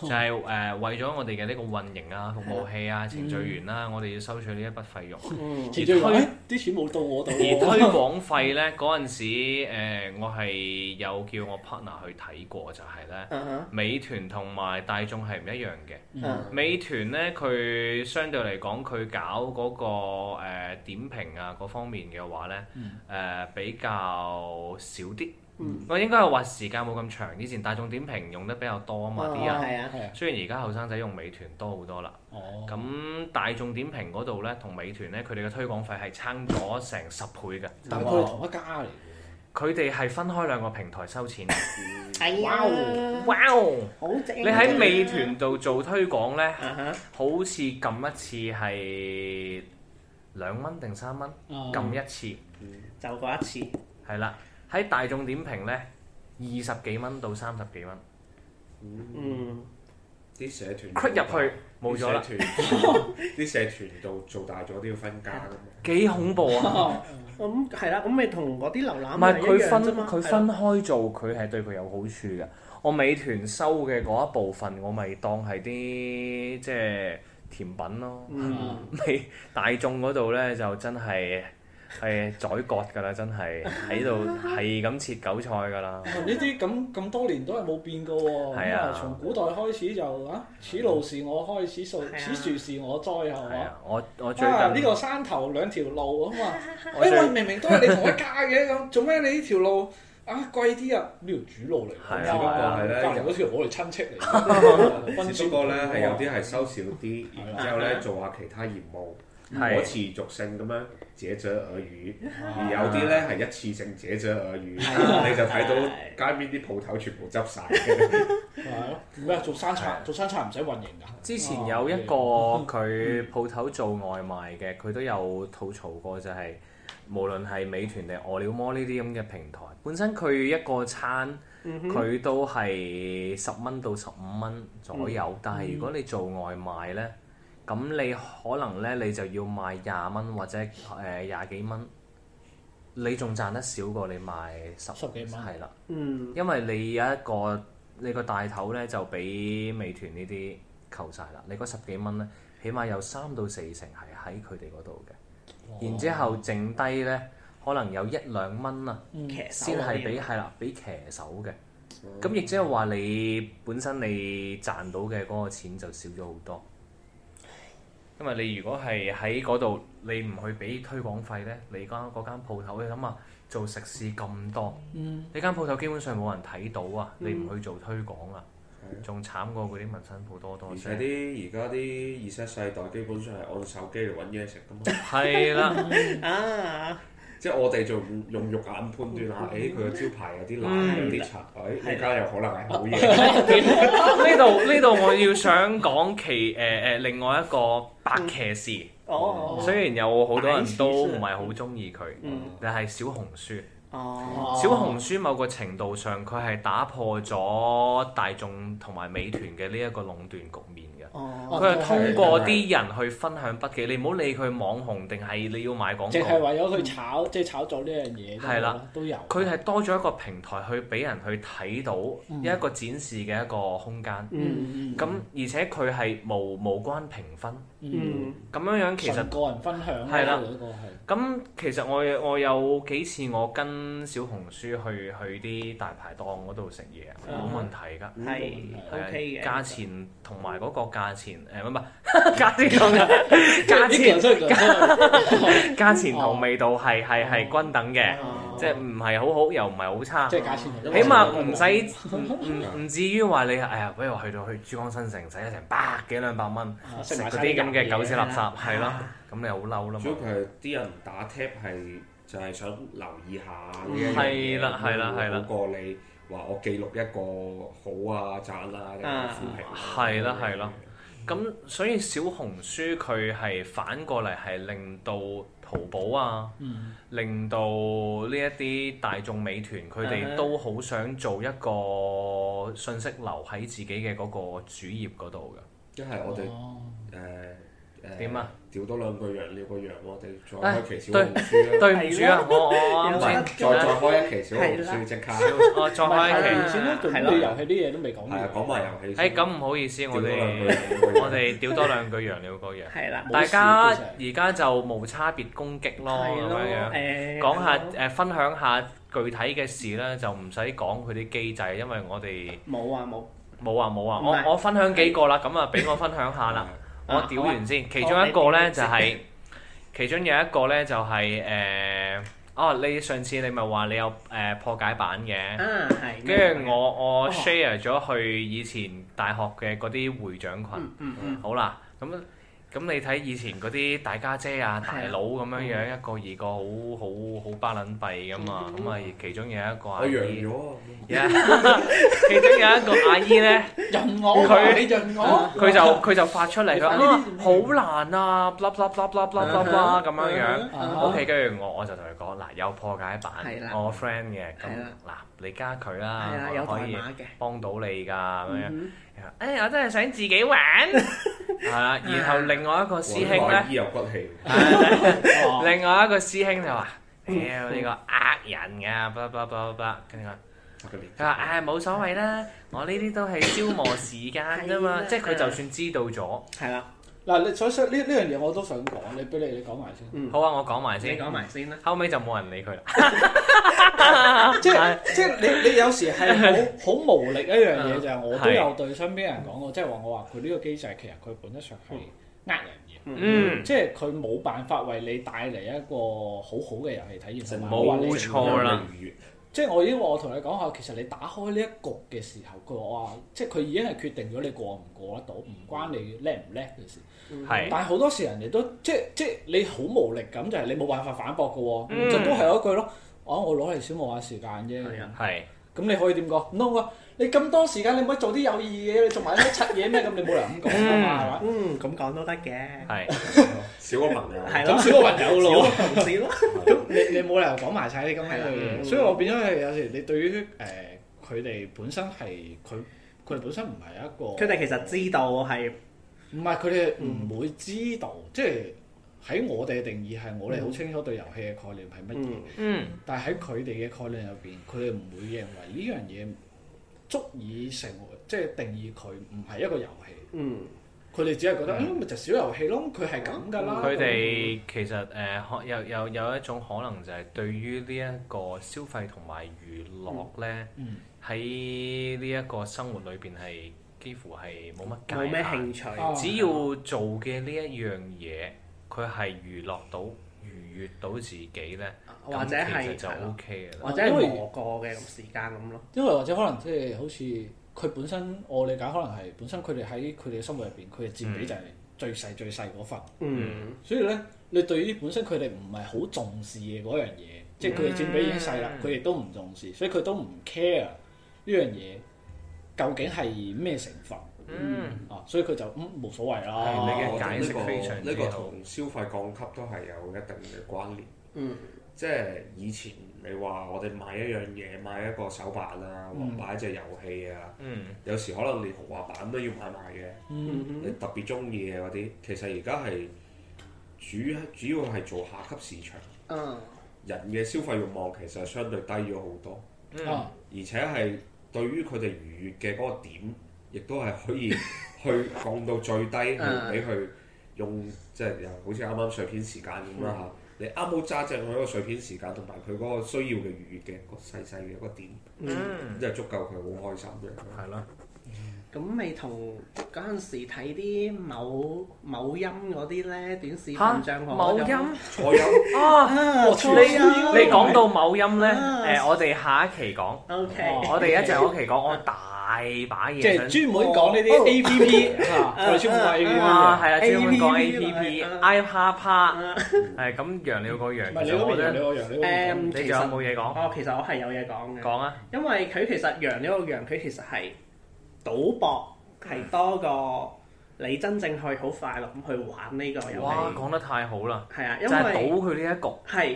就係誒為咗我哋嘅呢個運營啊、服務器啊、嗯、程序員啦、啊，我哋要收取呢一筆費用。嗯、而推啲錢冇到我度。而推廣費呢，嗰陣 時，呃、我係有叫我 partner 去睇過，就係、是、呢：Uh huh. 美團同埋大眾係唔一樣嘅。Uh huh. 美團呢，佢相對嚟講，佢搞嗰、那個誒、呃、點評啊嗰方面嘅話呢，誒、呃、比較少啲。我應該係話時間冇咁長，以前大眾點評用得比較多啊嘛，啲、哦、人們。啊。啊雖然而家後生仔用美團多好多啦。咁、哦、大眾點評嗰度呢，同美團呢，佢哋嘅推廣費係差咗成十倍㗎。但佢哋同一家嚟佢哋係分開兩個平台收錢。係啊。好你喺美團度做推廣呢，好似撳一次係兩蚊定三蚊？撳一次。嗯嗯、就過一次。係啦。喺大眾點評呢，二十幾蚊到三十幾蚊。嗯，啲社，社團。入去冇咗啦。啲社團做做大咗都要分家噶嘛。幾恐怖啊！咁係啦，咁咪同嗰啲瀏覽唔係佢分佢分開做，佢係對佢有好處嘅。我美團收嘅嗰一部分，我咪當係啲即係甜品咯。嗯、啊。 大眾嗰度呢，就真係。係宰割㗎啦，真係喺度係咁切韭菜㗎啦。呢啲咁咁多年都係冇變過喎。從古代開始就啊，此路是我開，此樹此樹是我栽，係嘛？我我最近呢個山頭兩條路啊嘛，誒我明明都係你同一家嘅咁，做咩你呢條路啊貴啲啊？呢條主路嚟，係啊係啊係咧，隔離嗰條我哋親戚嚟。不過咧係有啲係收少啲，然之後咧做下其他業務，可持續性咁樣。者者耳語，而有啲呢係一次性者者耳語，啊、你就睇到街邊啲鋪頭全部執曬。咩、啊、 做生產做生產唔使運營啊？之前有一個佢鋪頭做外賣嘅，佢都有吐槽過就係、是，無論係美團定餓了麼呢啲咁嘅平台，本身佢一個餐佢都係十蚊到十五蚊左右，嗯、但係如果你做外賣呢？咁你可能呢，你就要賣廿蚊或者誒廿幾蚊，你仲賺得少過你賣十十幾蚊係啦，了嗯、因為你有一個你個大頭呢，就俾美團呢啲扣曬啦。你嗰十幾蚊呢，起碼有三到四成係喺佢哋嗰度嘅，哦、然之後剩低呢，可能有一兩蚊啦，先係俾係啦俾騎手嘅。咁亦即係話，你本身你賺到嘅嗰個錢就少咗好多。因為你如果係喺嗰度，你唔去俾推廣費呢，你間嗰間鋪頭你諗下，做食肆咁多，嗯、你間鋪頭基本上冇人睇到啊，你唔去做推廣啊，仲慘、嗯、過嗰啲民生鋪多多。而且啲而家啲二十世代基本上係按手機嚟揾嘢食噶嘛。係啦。啊。即係我哋就用肉眼判斷下，誒佢個招牌有啲爛、嗯、有啲殘，誒依家又可能係好嘢。呢度呢度我要想講其誒誒、呃、另外一個白騎士哦，哦雖然有好多人都唔係好鍾意佢，哦、但係小紅書哦，小紅書某個程度上佢係打破咗大眾同埋美團嘅呢一個壟斷局面。佢係、哦、通過啲人去分享筆記，是你唔好理佢網紅定係你要買廣告，淨係為咗去炒，嗯、即係炒作呢樣嘢。係啦的，都有。佢係多咗一個平台去俾人去睇到一個展示嘅一個空間。嗯咁、嗯、而且佢係無無關評分。嗯，咁樣樣其實個人分享啦，嗰個係。咁其實我我有幾次我跟小紅書去去啲大排檔嗰度食嘢，冇、啊、問題㗎。係 OK 嘅的。價錢同埋嗰個價錢誒，唔係價錢同價 錢價錢同味道係係係均等嘅。啊即係唔係好好，又唔係好差，即假設起碼唔使唔唔至於話你，哎呀，比如話去到去珠江新城，使咗成百幾兩百蚊食嗰啲咁嘅狗屎垃圾，係咯、啊，咁你好嬲啦。主要佢係啲人打 tap 係就係、係、想留意下呢啲嘢嘅，會好過你話我記錄一個好啊讚啊嘅負評。係啦係啦，咁所以小紅書佢係反過嚟係令到。淘寶啊，嗯、令到呢一啲大眾美團佢哋、嗯、都好想做一個信息流喺自己嘅嗰個主頁嗰度嘅，即係我哋誒點啊？掉多兩句羊，掉個羊我哋再開期小紅書啦。對唔住啊，我我啱啱再再開一期小紅書即刻。我再開一期先啦，仲未遊戲啲嘢都未講完。係啊，講埋遊戲先。誒咁唔好意思，我哋我哋掉多兩句羊，掉個羊。係啦，大家而家就冇差別攻擊咯咁樣樣。誒，講下誒，分享下具體嘅事啦，就唔使講佢啲機制，因為我哋冇啊冇。冇啊冇啊！我我分享幾個啦，咁啊俾我分享下啦。啊、我屌完先。好其中一個呢就係、是，其中有一個呢就係、是、誒、 就是呃，哦，你上次你咪話你有誒、呃、破解版嘅，跟住、啊、我我 share 咗去以前大學嘅嗰啲會長群。嗯嗯嗯、好啦，咁。咁你睇以前嗰啲大家姐啊大佬咁樣樣一個二個好好好巴撚閉噶嘛，咁啊其中有一個阿姨，其中有一個阿姨咧，任佢佢就佢就發出嚟佢，好難啊，卜卜卜卜卜卜卜咁樣樣，OK，跟住我我就同佢講嗱，有破解版，我 friend 嘅，咁，嗱你加佢啦，可以幫到你噶咁樣，誒我真係想自己玩。係啦， 然後另外一個師兄咧，另外有骨氣。 另外一個師兄就話：，屌呢、 這個呃人㗎，blah blah blah blah 佢話佢話唉冇所謂啦， 我呢啲都係消磨時間啫嘛， 啊、即係佢就算知道咗，係啦是、啊。 嗱，你所以呢呢樣嘢，我都想講，你俾你你講埋先。嗯，好啊，我講埋先。你講埋先啦，後尾就冇人理佢啦。即係即係，你你有時係好好無力一樣嘢，就係我都有對身邊人講過，即係話我話佢呢個機制，其實佢本質上係呃人嘅。嗯，即係佢冇辦法為你帶嚟一個好好嘅遊戲體驗，同埋你冇錯啦。即係我已經話，我同你講下，其實你打開呢一局嘅時候，佢話即係佢已經係決定咗你過唔過得到，唔關你叻唔叻嘅事。係、嗯，嗯、但係好多時人哋都即係即係你好無力咁，就係、是、你冇辦法反駁㗎喎。嗯、就都係一句咯。啊，我攞嚟消磨下時間啫。係、啊。咁你可以點講？No。你咁多時間，你唔可以做啲有意義嘅嘢，你做埋啲柒嘢咩？咁你冇理由咁講㗎嘛，係嘛？嗯，咁講都得嘅。係少個朋友，係咁少個朋友，少個同事咯。咁你你冇理由講埋晒啲咁嘅嘢。所以我變咗係有時，你對於誒佢哋本身係佢佢哋本身唔係一個。佢哋其實知道係唔係佢哋唔會知道，即係喺我哋嘅定義係我哋好清楚對遊戲嘅概念係乜嘢。嗯，但係喺佢哋嘅概念入邊，佢哋唔會認為呢樣嘢。足以成，即係定義佢唔係一個遊戲。嗯，佢哋只係覺得，咪就小遊戲咯，佢係咁噶啦。佢哋、嗯、其實誒、呃，有有有一種可能就係對於呢一個消費同埋娛樂咧，喺呢一個生活裏邊係幾乎係冇乜，冇咩興趣，只要做嘅呢一樣嘢，佢係娛樂到、愉悅到自己咧。就或者係，或者係磨過嘅時間咁咯。因為或者可能即係好似佢本身，我理解可能係本身佢哋喺佢哋嘅生活入邊，佢嘅佔比就係最細最細嗰份。嗯。所以咧，你對於本身佢哋唔係好重視嘅嗰樣嘢，嗯、即係佢哋佔比已經細啦，佢亦都唔重視，所以佢都唔 care 呢樣嘢究竟係咩成分。嗯。啊，所以佢就冇、嗯、所謂啦。你嘅解釋非常之好。呢個同消費降級都係有一定嘅關聯。嗯。即係以前你話我哋買一樣嘢，買一個手辦啊，嗯、或買一隻遊戲啊，嗯、有時可能連豪華版都要買埋嘅。嗯、哼你特別中意嘅嗰啲，其實而家係主主要係做下級市場。嗯、人嘅消費欲望其實係相對低咗好多，嗯嗯、而且係對於佢哋愉悅嘅嗰個點，亦都係可以去降到最低，俾佢、嗯、用即係、就是、好似啱啱碎片時間咁啦嚇。嗯。你啱好揸正佢個碎片時間，同埋佢嗰個需要嘅愉悅嘅個細細嘅一個點，即係、嗯嗯、足夠佢好開心嘅。係咯。咁你同嗰陣時睇啲某某音嗰啲咧短視頻帳號，某音？我有。哦、啊。你你講到某音咧，誒、呃，我哋下一期講。O、okay. K、哦。我哋一陣嗰期講，我打。大把嘢，即係專門講呢啲 A P P，我哋超貴嘅嘛。係啊，專門講 A P P，I P A P，係咁，羊了個羊，你講咩咧？你我羊，你我羊，你仲有冇嘢講？哦，其實我係有嘢講嘅。講啊！因為佢其實羊了個羊，佢其實係賭博，係多過你真正去好快樂咁去玩呢個遊戲。哇，講得太好啦！係啊，就係賭佢呢一局。係。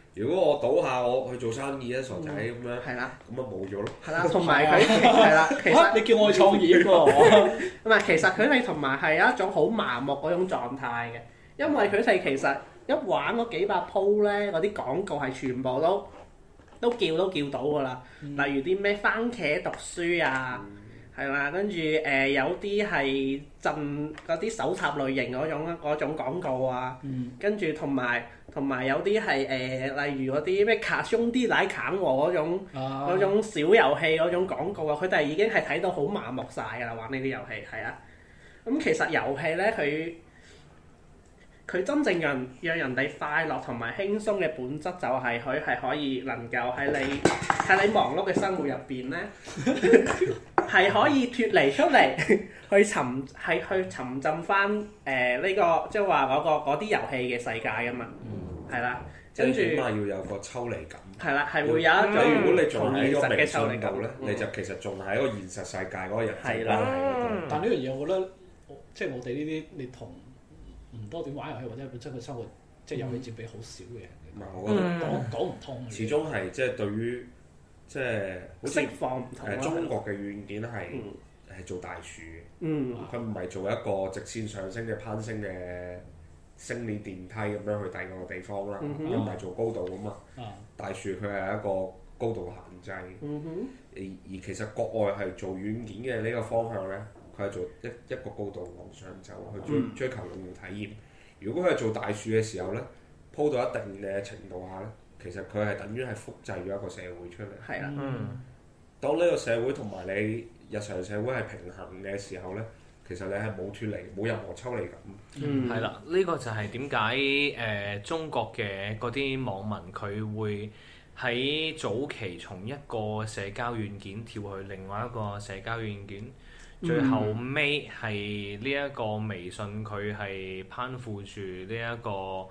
如果我倒下我去做生意啊，傻仔咁、嗯、樣，咁咪冇咗咯。係啦，同埋佢係啦，其實、啊、你叫我去創業喎、啊，唔係， 其實佢哋同埋係一種好麻木嗰種狀態嘅，因為佢哋其實一玩嗰幾百鋪咧，嗰啲廣告係全部都都叫都叫到噶啦，嗯、例如啲咩番茄讀書啊，係啦、嗯，跟住誒、呃、有啲係浸嗰啲手冊類型嗰種嗰種廣告啊，嗯、跟住同埋。同埋有啲係誒，例如嗰啲咩卡鬆啲奶砍我嗰種，嗰 種小遊戲嗰種廣告啊，佢哋已經係睇到好麻木晒㗎啦，玩呢啲遊戲係啊。咁、嗯、其實遊戲咧佢。佢真正讓人讓人哋快樂同埋輕鬆嘅本質，就係佢係可以能夠喺你喺你忙碌嘅生活入邊咧，係 可以脫離出嚟去尋係去沉浸翻誒呢個即係話嗰個嗰啲遊戲嘅世界㗎嘛，係啦、嗯，跟住起碼要有個抽離感，係啦，係會有一種。但、嗯、如果你仲喺個微信度咧，你就其實仲係一個現實世界嗰個日子度。但呢樣嘢、就是、我覺得，即係我哋呢啲你同。唔多點玩遊戲，或者本身嘅生活即係遊戲佔比好少嘅人唔係，我覺得講講唔通。始終係即係對於即係釋放唔同啦。誒，中國嘅軟件係係做大樹嘅。嗯。佢唔係做一個直線上升嘅攀升嘅升力電梯咁樣去第二個地方啦。嗯哼。因為唔係做高度啊嘛。大樹佢係一個高度限制。而而其實國外係做軟件嘅呢個方向咧。係做一一個高度往上走，去追追求用戶體驗。如果佢係做大樹嘅時候咧，鋪到一定嘅程度下咧，其實佢係等於係複製咗一個社會出嚟。係啦，嗯。當呢個社會同埋你日常社會係平衡嘅時候咧，其實你係冇脫離，冇任何抽離感。嗯，係啦，呢個就係點解誒中國嘅嗰啲網民佢會喺早期從一個社交軟件跳去另外一個社交軟件。最後尾係呢一個微信，佢係攀附住呢一個誒、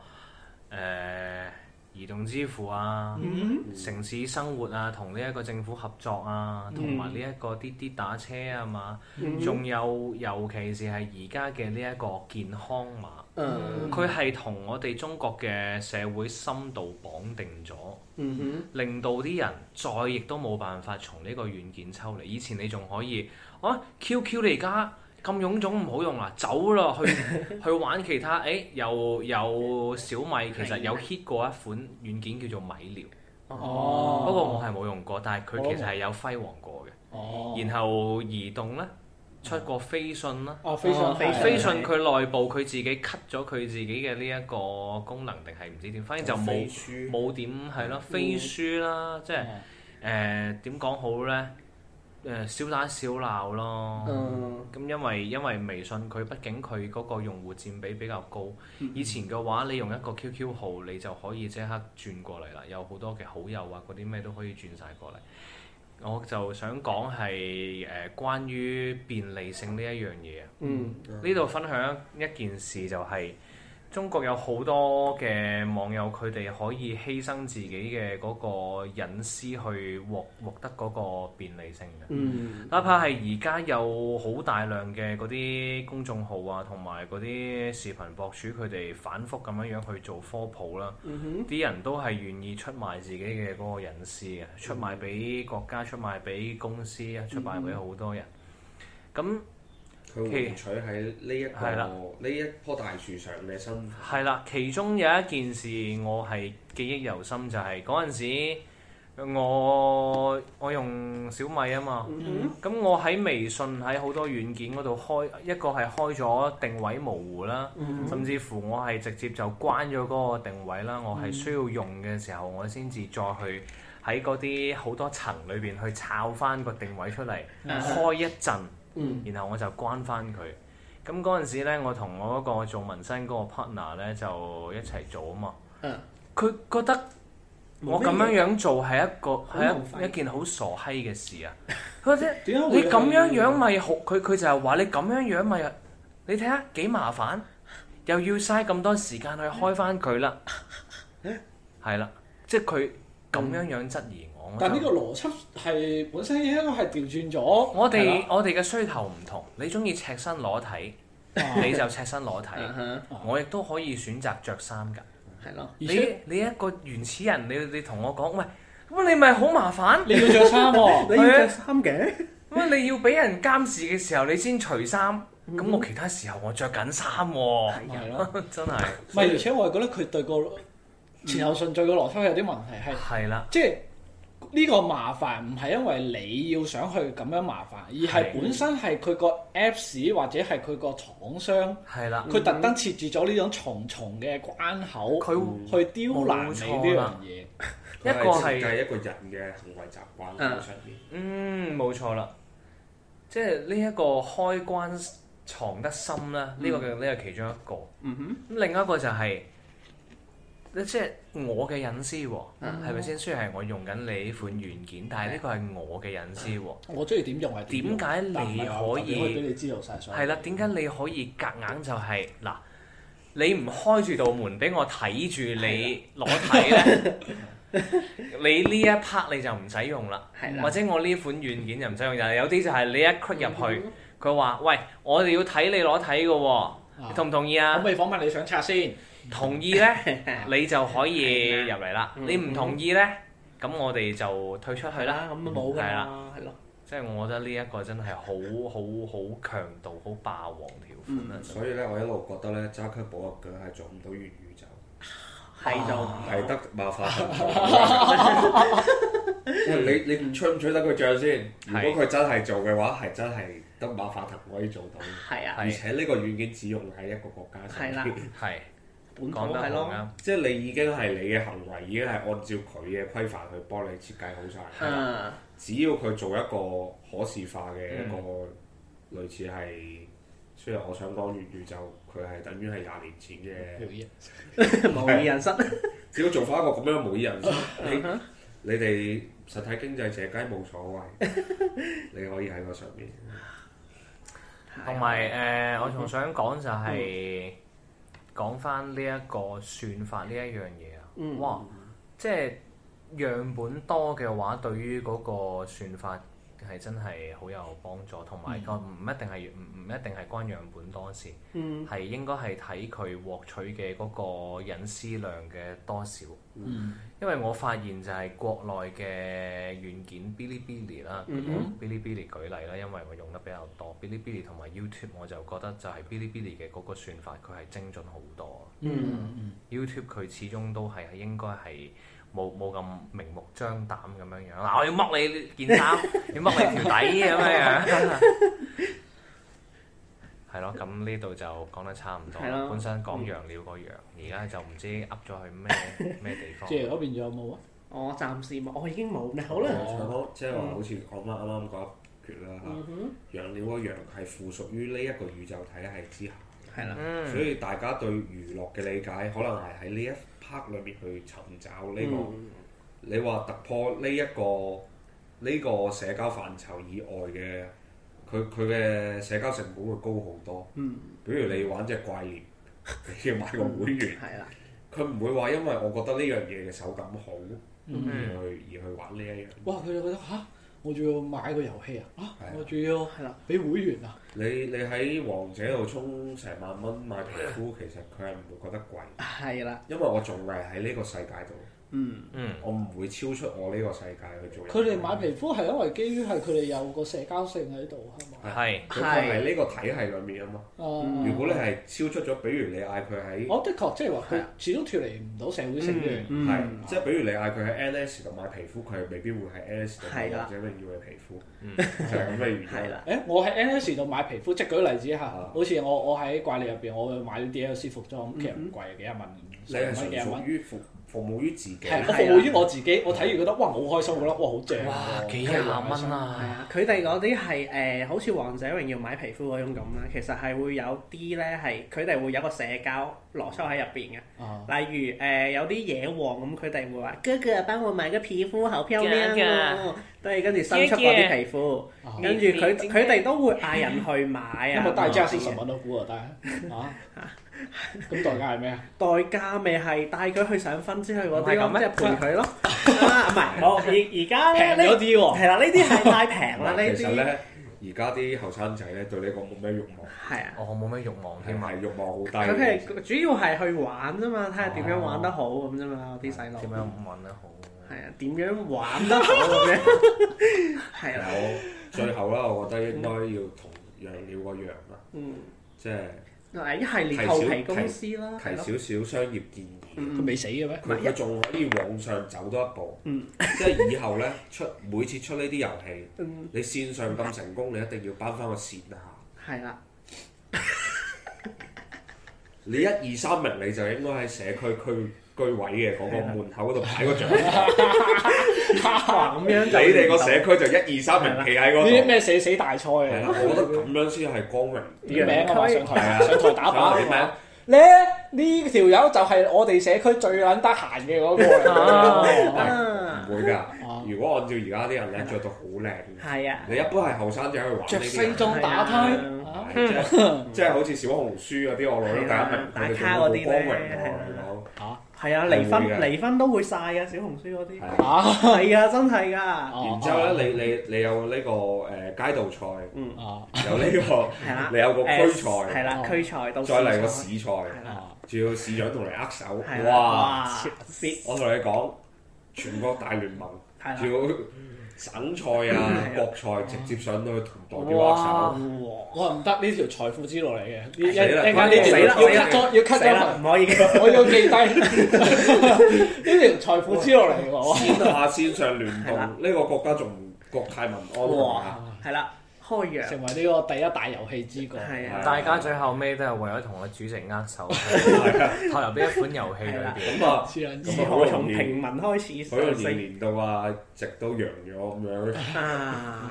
呃、移動支付啊、mm hmm. 城市生活啊、同呢一個政府合作啊，同埋呢一個滴滴、mm hmm. 打車啊嘛，仲、mm hmm. 有尤其是係而家嘅呢一個健康碼，佢係同我哋中國嘅社會深度綁定咗，mm hmm. 令到啲人再亦都冇辦法從呢個軟件抽離。以前你仲可以。啊！QQ 你而家咁臃腫唔好用啦，走咯去去玩其他。誒、欸，又有小米其實有 hit 過一款軟件叫做米聊。哦。不過我係冇用過，但係佢其實係有輝煌過嘅。然後移動咧出過飛信啦。哦，飛信、啊、的飛信。佢內部佢自己 cut 咗佢自己嘅呢一個功能，定係唔知點，反正就冇冇點係咯。飛書啦，嗯嗯、即係誒點講好呢？誒少打少鬧咯，咁、嗯、因為因為微信佢畢竟佢嗰個用戶佔比比較高。以前嘅話，你用一個 QQ 號，你就可以即刻轉過嚟啦，有好多嘅好友啊，嗰啲咩都可以轉晒過嚟。我就想講係誒關於便利性呢一樣嘢啊。嗯，呢度分享一件事就係、係。中國有好多嘅網友，佢哋可以犧牲自己嘅嗰個隱私去獲獲得嗰個便利性嘅。嗯、哪怕係而家有好大量嘅嗰啲公眾號啊，同埋嗰啲視頻博主，佢哋反覆咁樣樣去做科普啦、啊。啲、嗯、哼人都係願意出賣自己嘅嗰個隱私嘅，嗯、出賣俾國家，出賣俾公司，出賣俾好多人。咁、嗯哼嗯佢其會取喺呢、這個、了一個呢一樖大樹上嘅身。係啦，其中有一件事我係記憶猶深、就是，就係嗰陣時我我用小米啊嘛，咁、嗯、哼我喺微信喺好多軟件嗰度開一個係開咗定位模糊啦，嗯、哼甚至乎我係直接就關咗嗰個定位啦，我係需要用嘅時候我先至再去喺嗰啲好多層裏邊去抄返個定位出嚟，嗯、哼開一陣。嗯、然後我就關翻佢。咁嗰陣時咧，我同我嗰個做紋身嗰個 partner 呢，就一齊做啊嘛。佢、嗯、覺得我咁樣樣做係一個係一,一件好傻閪嘅事啊。佢話：，點解 你咁樣樣咪好？佢佢就係話你咁樣樣咪，你睇下幾麻煩，又要嘥咁多時間去開翻佢啦。係啦、嗯， 即係佢咁樣樣質疑。但呢個邏輯係本身應該係調轉咗。我哋我哋嘅需求唔同，你中意赤身裸體，你就赤身裸體。我亦都可以選擇着衫㗎，係咯。而且你一個原始人，你你同我講，喂，咁你咪好麻煩。你要着衫喎，你着衫嘅。咁你要俾人監視嘅時候，你先除衫。咁我其他時候我着緊衫喎。係咯，真係。咪而且我係覺得佢對個前後順序個邏輯有啲問題，係係啦，即係。呢個麻煩唔係因為你要想去咁樣麻煩，而係本身係佢個 Apps 或者係佢個廠商，佢係啦，特登設置咗呢種重重嘅關口，嗯，佢去刁難你呢樣嘢。一個係一個人嘅行為習慣喺上面。嗯，冇錯啦。即係呢一個開關藏得深啦，呢、這個呢係、這個、其中一個。嗯哼。另一個就係、是。即係我嘅隱私喎，係咪先？雖然係我用緊你呢款軟件，但係呢個係我嘅隱私喎。Uh huh. 我中意點用係點？點解你可以？點可以俾你知道曬係啦，點解你可以夾硬，硬就係、是、嗱？你唔開住道門俾我睇住你攞睇咧？ 你呢一 part 你就唔使用啦， 或者我呢款軟件就唔使用。有有啲就係你一 click 入去，佢話：喂，我哋要睇你攞睇嘅喎，uh huh. 你同唔同意啊？可唔可以訪問你想拆先。同意呢，你就可以入嚟啦。你唔同意呢，咁我哋就退出去啦。咁冇計。係啦，係咯。即係我覺得呢一個真係好好好強度、好霸王條款。所以呢，我一路覺得呢，揸級保額嘅係做唔到越獄就，係就唔係得馬化騰。你你唔吹唔吹得佢漲先？如果佢真係做嘅話，係真係得馬化騰可以做到。係啊。而且呢個軟件只用喺一個國家上面。係啦。係。講得啱，即係你已經係你嘅行為已經係按照佢嘅規範去幫你設計好晒。嗯，只要佢做一個可視化嘅一個類似係，雖然我想講粵語就佢係等於係廿年前嘅模擬人生，只要做翻一個咁樣模擬人生，你哋實體經濟借雞冇所謂，你可以喺個上面。同埋誒，我仲想講就係。講翻呢一個算法呢一樣嘢啊，哇！即係樣本多嘅話，對於嗰個算法。係真係好有幫助，同埋個唔一定係唔唔一定係關樣本多事，係、mm hmm. 應該係睇佢獲取嘅嗰個隱私量嘅多少。Mm hmm. 因為我發現就係國內嘅軟件 Bilibili 啦、mm hmm.Bilibili 舉例啦，因為我用得比較多。Mm hmm. Bilibili 同埋 YouTube 我就覺得就係 Bilibili 嘅嗰個算法佢係精準好多。YouTube 佢始終都係應該係。冇冇咁明目張膽咁樣樣，我要剝你件衫，要剝你條底咁樣樣。係咯，咁呢度就講得差唔多。本身講羊鳥個羊，而家就唔知噏咗去咩咩地方。即係嗰邊仲有冇啊？我暫時冇，我已經冇。可能即係話，好似我啱啱講一橛啦嚇。羊鳥個羊係附屬於呢一個宇宙體系之下。係啦。嗯。所以大家對娛樂嘅理解，可能係喺呢一。黑裏面去尋找呢、這個，嗯、你話突破呢、這、一個呢、這個社交範疇以外嘅，佢佢嘅社交成本會高好多。嗯，比如你玩隻怪獵、嗯、 你要買個、嗯、會員。係啦，佢唔會話，因為我覺得呢樣嘢嘅手感好，嗯、而去而去玩呢一樣。哇！佢哋覺得嚇。我仲要買個遊戲啊！啊，係啦我仲要俾會員啊！你你喺王者度充成萬蚊買皮膚，其實佢係唔會覺得貴。係啦的，因為我仲係喺呢個世界度。嗯嗯，我唔會超出我呢個世界去做嘢。佢哋買皮膚係因為基於係佢哋有個社交性喺度，係嘛？係係呢個體系裏面啊嘛。哦，如果你係超出咗，比如你嗌佢喺我的確，即係話佢始終脱離唔到社會性嘅。係，即係比如你嗌佢喺 NS 度買皮膚，佢係未必會喺 NS 度或者咩要嘅皮膚。就係咁嘅原則。係啦。誒，我喺 NS 度買皮膚，即係舉例子吓。好似我我喺怪獵入邊，我買咗 DLC 服裝，其實唔貴，幾廿蚊，十蚊幾蚊。服務於自己，我服務於我自己，我睇完覺得哇好開心，覺得哇好正，幾廿蚊啊！係啊，佢哋嗰啲係誒，好似《王者榮耀》買皮膚嗰種咁啦，其實係會有啲咧係，佢哋會有個社交邏輯喺入邊嘅。啊、例如誒、呃，有啲野王咁，佢哋會話：哥哥幫我買個皮膚，好漂亮都、哦啊、對，跟住新出嗰啲皮膚，啊、跟住佢佢哋都會嗌人去買啊！你冇帶架是什麼呢？富二代啊！咁代價係咩啊？代價咪係帶佢去上分之去我哋咁即係陪佢咯。唔係，好而而家平咗啲係啦，呢啲係太平啦。呢啲其實咧，而家啲後生仔咧對呢個冇咩慾望。係啊。我冇咩慾望，起碼慾望好大。佢係主要係去玩啫嘛，睇下點樣玩得好咁啫嘛，啲細路。點樣唔玩得好？係啊，點樣玩得好？係啦。最後啦，我覺得應該要同養料個樣啦。嗯。即係。一系列投皮公司啦，提少少商業建議，佢未、嗯、那死嘅咩？佢佢仲可以往上走多一步，即係、嗯、以後呢， 出每次出呢啲遊戲，嗯、你線上咁成功，你一定要包返個線啊！係啦是的， 你一二三名你就應該喺社區區。居委嘅嗰個門口嗰度擺個獎，咁樣你哋個社區就一二三名企喺嗰度，啲咩社死大賽啊？我覺得咁樣先係光榮。啲名啊嘛，上台上台打靶，啲名咧，呢條友就係我哋社區最撚得閒嘅嗰個。唔會㗎，如果按照而家啲人咧，着到好靚。係啊，你一般係後生仔去玩，著西裝打呔，即係好似小紅書嗰啲我攞咗第一名嗰啲光榮係啊，離婚離婚都會晒啊，小紅書嗰啲，係啊，真係㗎。然之後咧，你你你有呢個誒街道賽，嗯，有呢個，你有個區賽，係啦，區賽都，再嚟個市賽，仲要市長同你握手，哇！我同你講，全國大聯盟，仲要。省賽啊，國賽直接上到去同代表握手。我唔得，呢條財富之路嚟嘅。死啦！死啦！要 cut 咗，要 cut 咗唔可以，我要記低呢條財富之路嚟嘅我。線下線上聯動，呢個國家仲國泰民安啊！係啦。開揚成為呢個第一大遊戲之國。係啊！大家最後尾都係為咗同個主席握手，投入呢一款遊戲裏邊。係啦，如何從平民開始上升？所以年年到啊，直都揚咗咁樣。啊，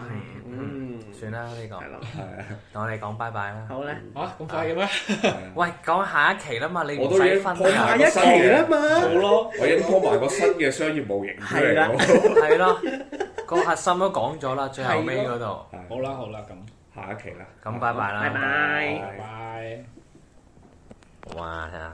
嗯，算啦呢個。係啦，係啊，同我哋講拜拜啦。好咧。嚇？咁快嘅咩？喂，講下一期啦嘛，你唔使分下一期啦嘛。好咯，我已經拖埋個新嘅商業模型出嚟。係啦，係啦，個核心都講咗啦，最後尾嗰度。好啦，好。好啦，咁下一期啦，咁拜拜啦，拜拜，拜拜，哇，係啊。